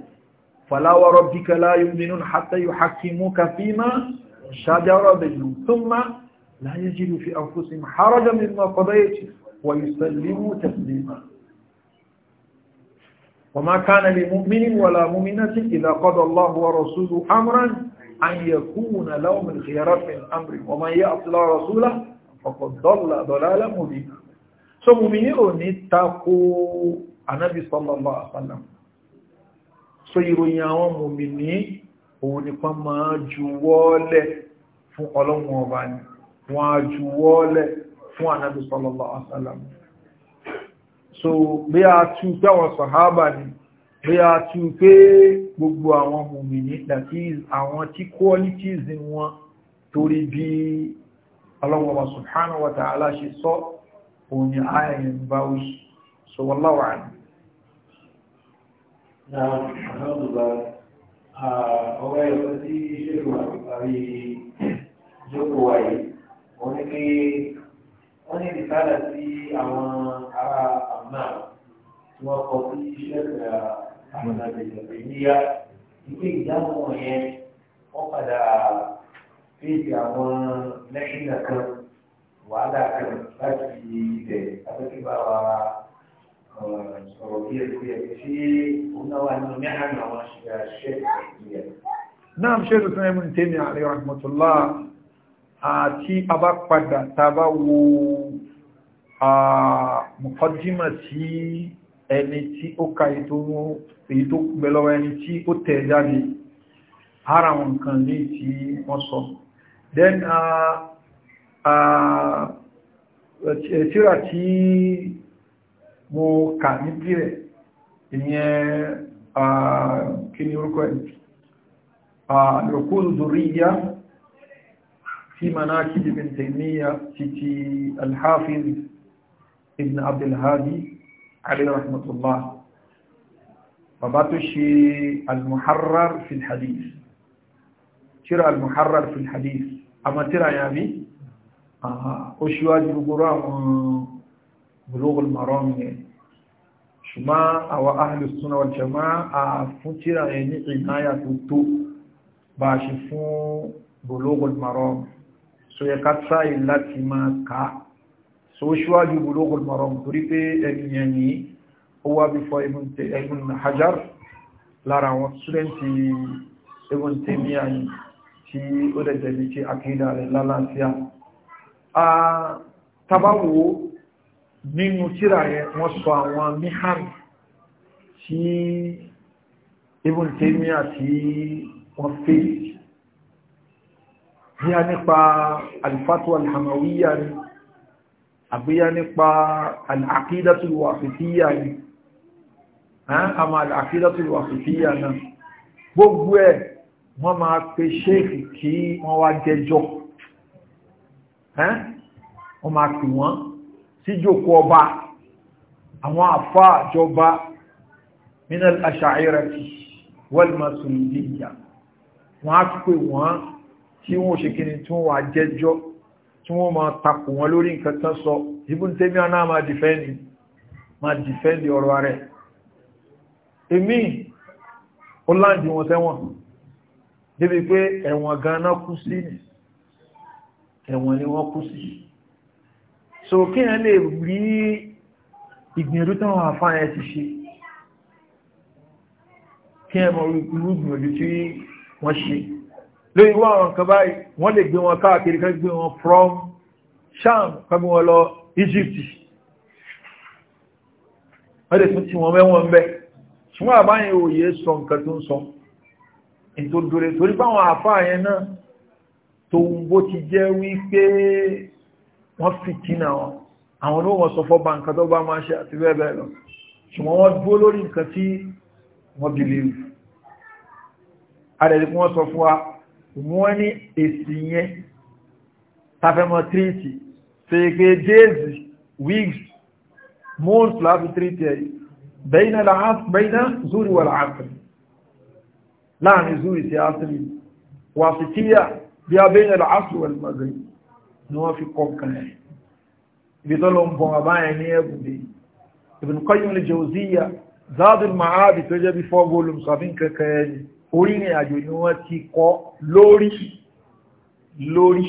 fala wa rabbika la yu'minuna hatta yuhakkimuka fima shajara baynahum thumma لا يجد في أنفسهم حرجا مما قضيت ويسلموا تسليما وما كان لمؤمن ولا مؤمنة إذا قضى الله ورسوله أمرا أن يكون لهم الخيارات من أمر ومن يأطل رسوله فقد ضل ضلالا مبينا so mumini o النبي صلى الله عليه وسلم. wasallam so ìròyìn àwọn mumini òun nípa máa juwọ́lẹ̀ fún ọlọ́run ọba ni wọ́n á ju wọ́ọ́lẹ̀ fún ànábì sallallahu alaihi so bí a tú pé àwọn sàhábà ni bí a tú pé gbogbo àwọn mùmìnì that is àwọn tí qualities wọn torí bí ọlọ́wọ́ subhanahu wa ta'ala ṣe sọ òun so wallahu a'lam Now, alhamdulillah, uh, ọwọ́ ẹ̀kọ́ tí ṣe wà jókòó wáyé. òní pé wọ́n ní ìsàlẹ̀ sí àwọn ará àmà tí wọ́n kọ sí iṣẹ́ àwọn àgbègbè níyà ìpè ìdáhùn yẹn wọ́n padà fèsì àwọn lẹ́yìn kan wàhálà kan láti ibẹ̀ abẹ́kíbá wa sọ̀rọ̀ bí ẹgbẹ́ ẹ̀ tí òun náà wà nínú mẹ́hàn àwọn ṣe àṣẹ ìyẹn. náà ṣe tuntun ẹ̀mú ní tèmi àríwá rahmatullah àti abápadà tàbá wo mọ̀kọ́dímọ̀ tí ẹni tí ó ka èyí tó gbẹ̀lọ́wọ́ ẹni tí ó tẹ̀ jáde ara wọn kan ní tí wọ́n sọ then tíra tí mo kà ní bílẹ̀ ìyẹn kí ni orúkọ ẹ̀ lọ́kọ́ ìdòríyá في مناكب ابن تيمية تتي الحافظ ابن عبد الهادي عليه رحمة الله وباتشي المحرر في الحديث ترى المحرر في الحديث أما ترى يا أبي آه. أشواج القرآن بلوغ المرام شما أو أهل السنة والجماعة آه، فترى يعني عناية تو باشفون بلوغ المرام so yẹ ká tráì láti máa ká so ṣíwájú Bulughul Maram torí pé ẹniyàn yìí ó wá bí fọ Ibn Hajar lára àwọn súrẹ́ntì Ibn Taymiyyah yìí tí ó dẹ̀jẹ̀ bí tí àkídà rẹ̀ lálàáfíà tabawo nínú tíra yẹ wọ́n sọ àwọn mihan tí Ibn Taymiyyah tí wọ́n fèèjì bíyá nípa alifatwa alhamawiya ni àbíyá nípa al'aqidatul wasitiyya ni àmà al'aqidatul wasitiyya náà gbogbo ẹ̀ wọ́n máa pe ṣéèkì kí wọ́n wá jẹjọ́ wọ́n máa pè wọ́n síjòkó ọba àwọn àfá àjọba minal asha'irati wal masuridiyya wọ́n á pè wọ́n tí wọ́n ṣe kíni tí wọ́n wà jẹ́jọ́ tí wọ́n máa takò wọn lórí nǹkan tán sọ ibùn tẹ́mí àná máa dìfẹ́ndì máa dìfẹ́ndì ọ̀rọ̀ rẹ̀ èmi ó láǹdì wọn sẹ́wọ̀n débi pé ẹ̀wọ̀n gan kú sí ẹ̀wọ̀n ni wọ́n kú sí so kí ẹ lè rí ìgbìyànjú tí wọ́n àfáà ẹ ti ṣe kí ẹ mọ̀ irú ìgbìyànjú tí wọ́n ṣe lórí wọ́n àwọn nǹkan báyìí wọ́n lè gbé wọn káàkiri kan gbé wọn from sham kọmí wọn lọ egypt wọ́n lè tún tí wọ́n mẹ́wọ́n ń bẹ́ ṣùgbọ́n àbáyìn òye sọ nǹkan tó ń sọ ètò dòrè torí báwọn àfáà yẹn náà tòun bó ti jẹ́ wípé wọ́n fìtínà wọn àwọn ní wọ́n sọ fọ́bà nǹkan tó bá máa ṣe àti bẹ́ẹ̀ bẹ́ẹ̀ lọ ṣùgbọ́n wọ́n dúró lórí nǹkan tí wọ́n believe adẹ̀lẹ́kún wọ́n sọ fún wa wọ́n ní èsì yẹn tafẹ́mọ̀ tírìtì fèèkè déèzì wíìgì mọ́ọ̀sù láti tírìtì ẹ̀yí bẹ́yìnà zúrí wà láàfin láàrin zúrí sí áfírí wà fi kíyà bí a bẹ́yìnà láàfin wà lọ́gbẹ̀rẹ̀ ni wọ́n fi kọkàn ẹ̀ ibi tó lọ ń bọ̀ àbáyẹ ní ẹ̀bùn dé ibn qayyim al-jawziyya zadul ma'ad tó jẹ́ bí fọ́ volumes àbí kẹkẹrẹ yìí orírìn àjò ni wọ́n ti kọ lórí lórí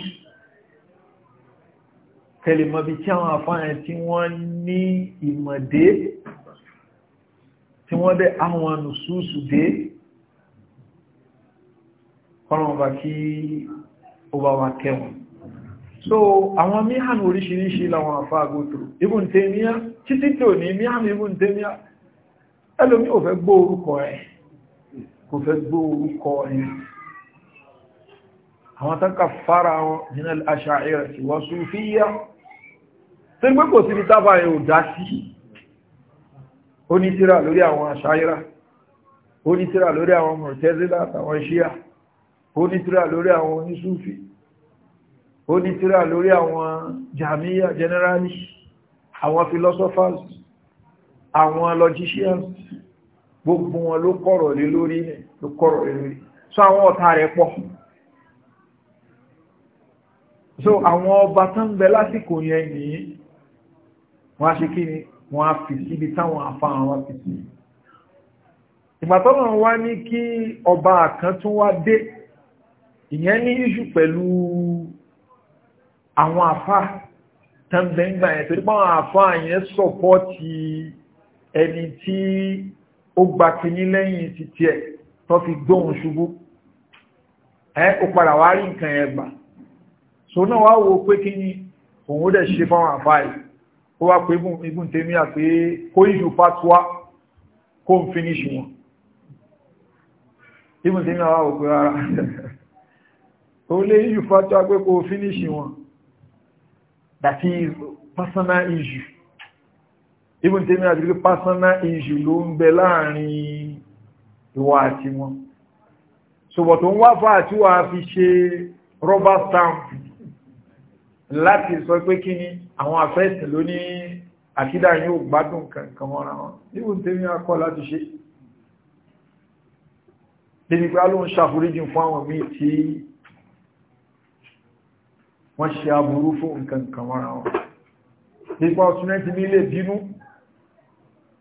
tẹlẹmọ̀bí tí àwọn afáàrin tí wọ́n ní ìmọ̀dé tí wọ́n dẹ̀ àwọn nùsùsù dé ọlọ́mọba kí ó bá wa kẹwọn so àwọn míhàn oríṣiríṣi láwọn àfáàgótò ibùn tèmíyà títí tò ní míhàn ibùn tèmíyà ẹlòmí ò fẹ́ gbọ́ ẹ̀ kò fẹ́ gbọ́ orúkọ ẹni àwọn tán ká fara wọn nínú aṣàìrà sí wọ́n sùfíyà tí gbé kò síbi tábà yẹn ò dá sí onítìrà lórí àwọn aṣàìrà onítìrà lórí àwọn mọ̀tẹ́sílà àtàwọn ṣíà onítìrà lórí àwọn onísúfì onítìrà lórí àwọn jàmíyà generali àwọn philosophers àwọn logicians gbogbo wọn ló kọ̀rọ̀ lé lórí ni ló kọ́rọ̀ rere so àwọn ọ̀tá rẹ̀ pọ̀ so àwọn ọba tó ń bẹ lásìkò yẹn nìyí wọ́n á ṣe kí ni wọ́n á fi síbi táwọn afá wọn fi sí ìgbàtọ́nà wá ní kí ọba kan tún wá dé ìyẹn ní iṣu pẹ̀lú àwọn afá tẹ́m̀bẹ̀ngbà ẹ̀ torí pọ́n àfá àyẹ́ sọ̀pọ̀ ẹni tí ó gbà kìíní lẹ́yìn títí ẹ̀ tó fi gbóhùn ṣubú ẹ ó padà wá rí nǹkan yẹn gbà so náà wá wo pé kí ni òun dẹ̀ ṣe fáwọn àfáì ó wá pé igun tèmi àti kó ìlú pátúwá kó ń finish wọn igun tèmi àwá òpé rárá ó lé ìlú pátúwá pé kó finish wọn that is personal issue igun tèmi àti personal issue ló ń bẹ láàrin ìwà àti wọn ṣùgbọ́n tó ń wá fà tí wà fi ṣe rọ́bà stamp láti sọ pé kí ni àwọn afẹ́sìn ló ní àkídà yóò gbádùn kankan mọ́ra wọn níbo tèmi akọ́ láti ṣe débi pé alóhun ṣàforíjì fún àwọn míì tí wọ́n ṣe aburú fún nǹkan kan mọ́ra wọn nípa ọ̀túnẹ́tì ní ilé bínú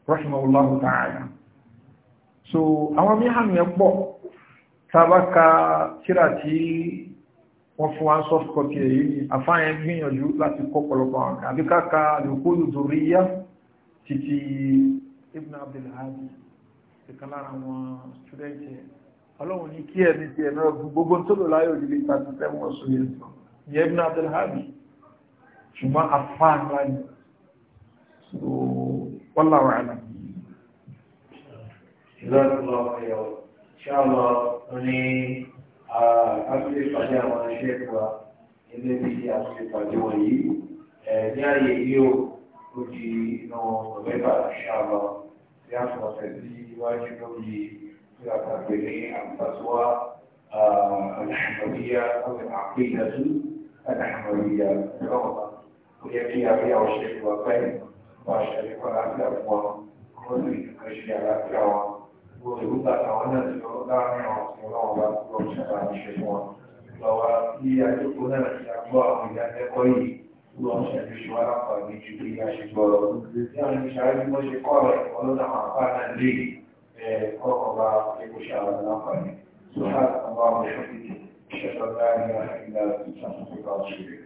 rahimahullahu ta'ala so àwọn mìíràn yẹn pọ̀ tàbákà tíra tí wọ́n fún wa soft copy èyí ni àfáàyàn gbìyànjú láti kọ́ pọ̀lọpọ̀ àwọn kan àbíkáka àdókòlù dòríyá títí ibn abdulhadi ìkan lára àwọn ṣúdẹ́ǹtì ẹ̀ ọlọ́run ní kí ẹni ti ẹ̀nà ọdún gbogbo tó lò láyé òdìlé tàbí tẹ́wọ̀n ọ̀sùn yẹn sọ ní ibn abdulhadi ṣùgbọ́n àfáà ńlá ni wọ́n láwàá náà جزاك الله خيرا ان شاء الله اني اكتب فجاه وانا شيخ ilé bí i àti ìpàdé wọ̀nyí ní ààyè yóò ó di inú nọ́vẹ́bà ṣáàbà tí a fọ ọ̀sẹ̀ tí iwájú lórí tí a tàgbé ní àbúkàtúwà alhamduliya ọ̀sẹ̀ àpéjàdú alhamduliya lọ́wọ́ ó yẹ kí a fi àwọn ṣe ìwà pẹ́ wọ́n ṣe àlékọ́ láti àwọn ọmọ ọmọ ìdíkàṣe àlàáfíà wọn. èròǹgbà àwọn náà ti lọ láàrin àwọn tí ọlọ́run bá lọ sí àbáyé ṣe fún wa lọ́wọ́ tí àjókò náà ti àgbọ́ àwọn ìdánilẹ́kọ̀ọ́ yìí lọ́n ṣẹ̀lú ṣe wá láǹfààní ju bí a ṣe gbọ́rọ̀ tí àwọn ìṣàlẹ̀ bí wọ́n ṣe kọ́ ọ̀rọ̀ ẹ̀kọ́ lọ́nà àwọn àpá náà lè kọ́kọ́ bá ẹkọ́ ṣe àwọn láǹfààní sọ́hà àwọn ọmọ ṣọ́kìtì ṣẹ̀ṣọ́ láàrin àwọn ìlànà ìṣàkóso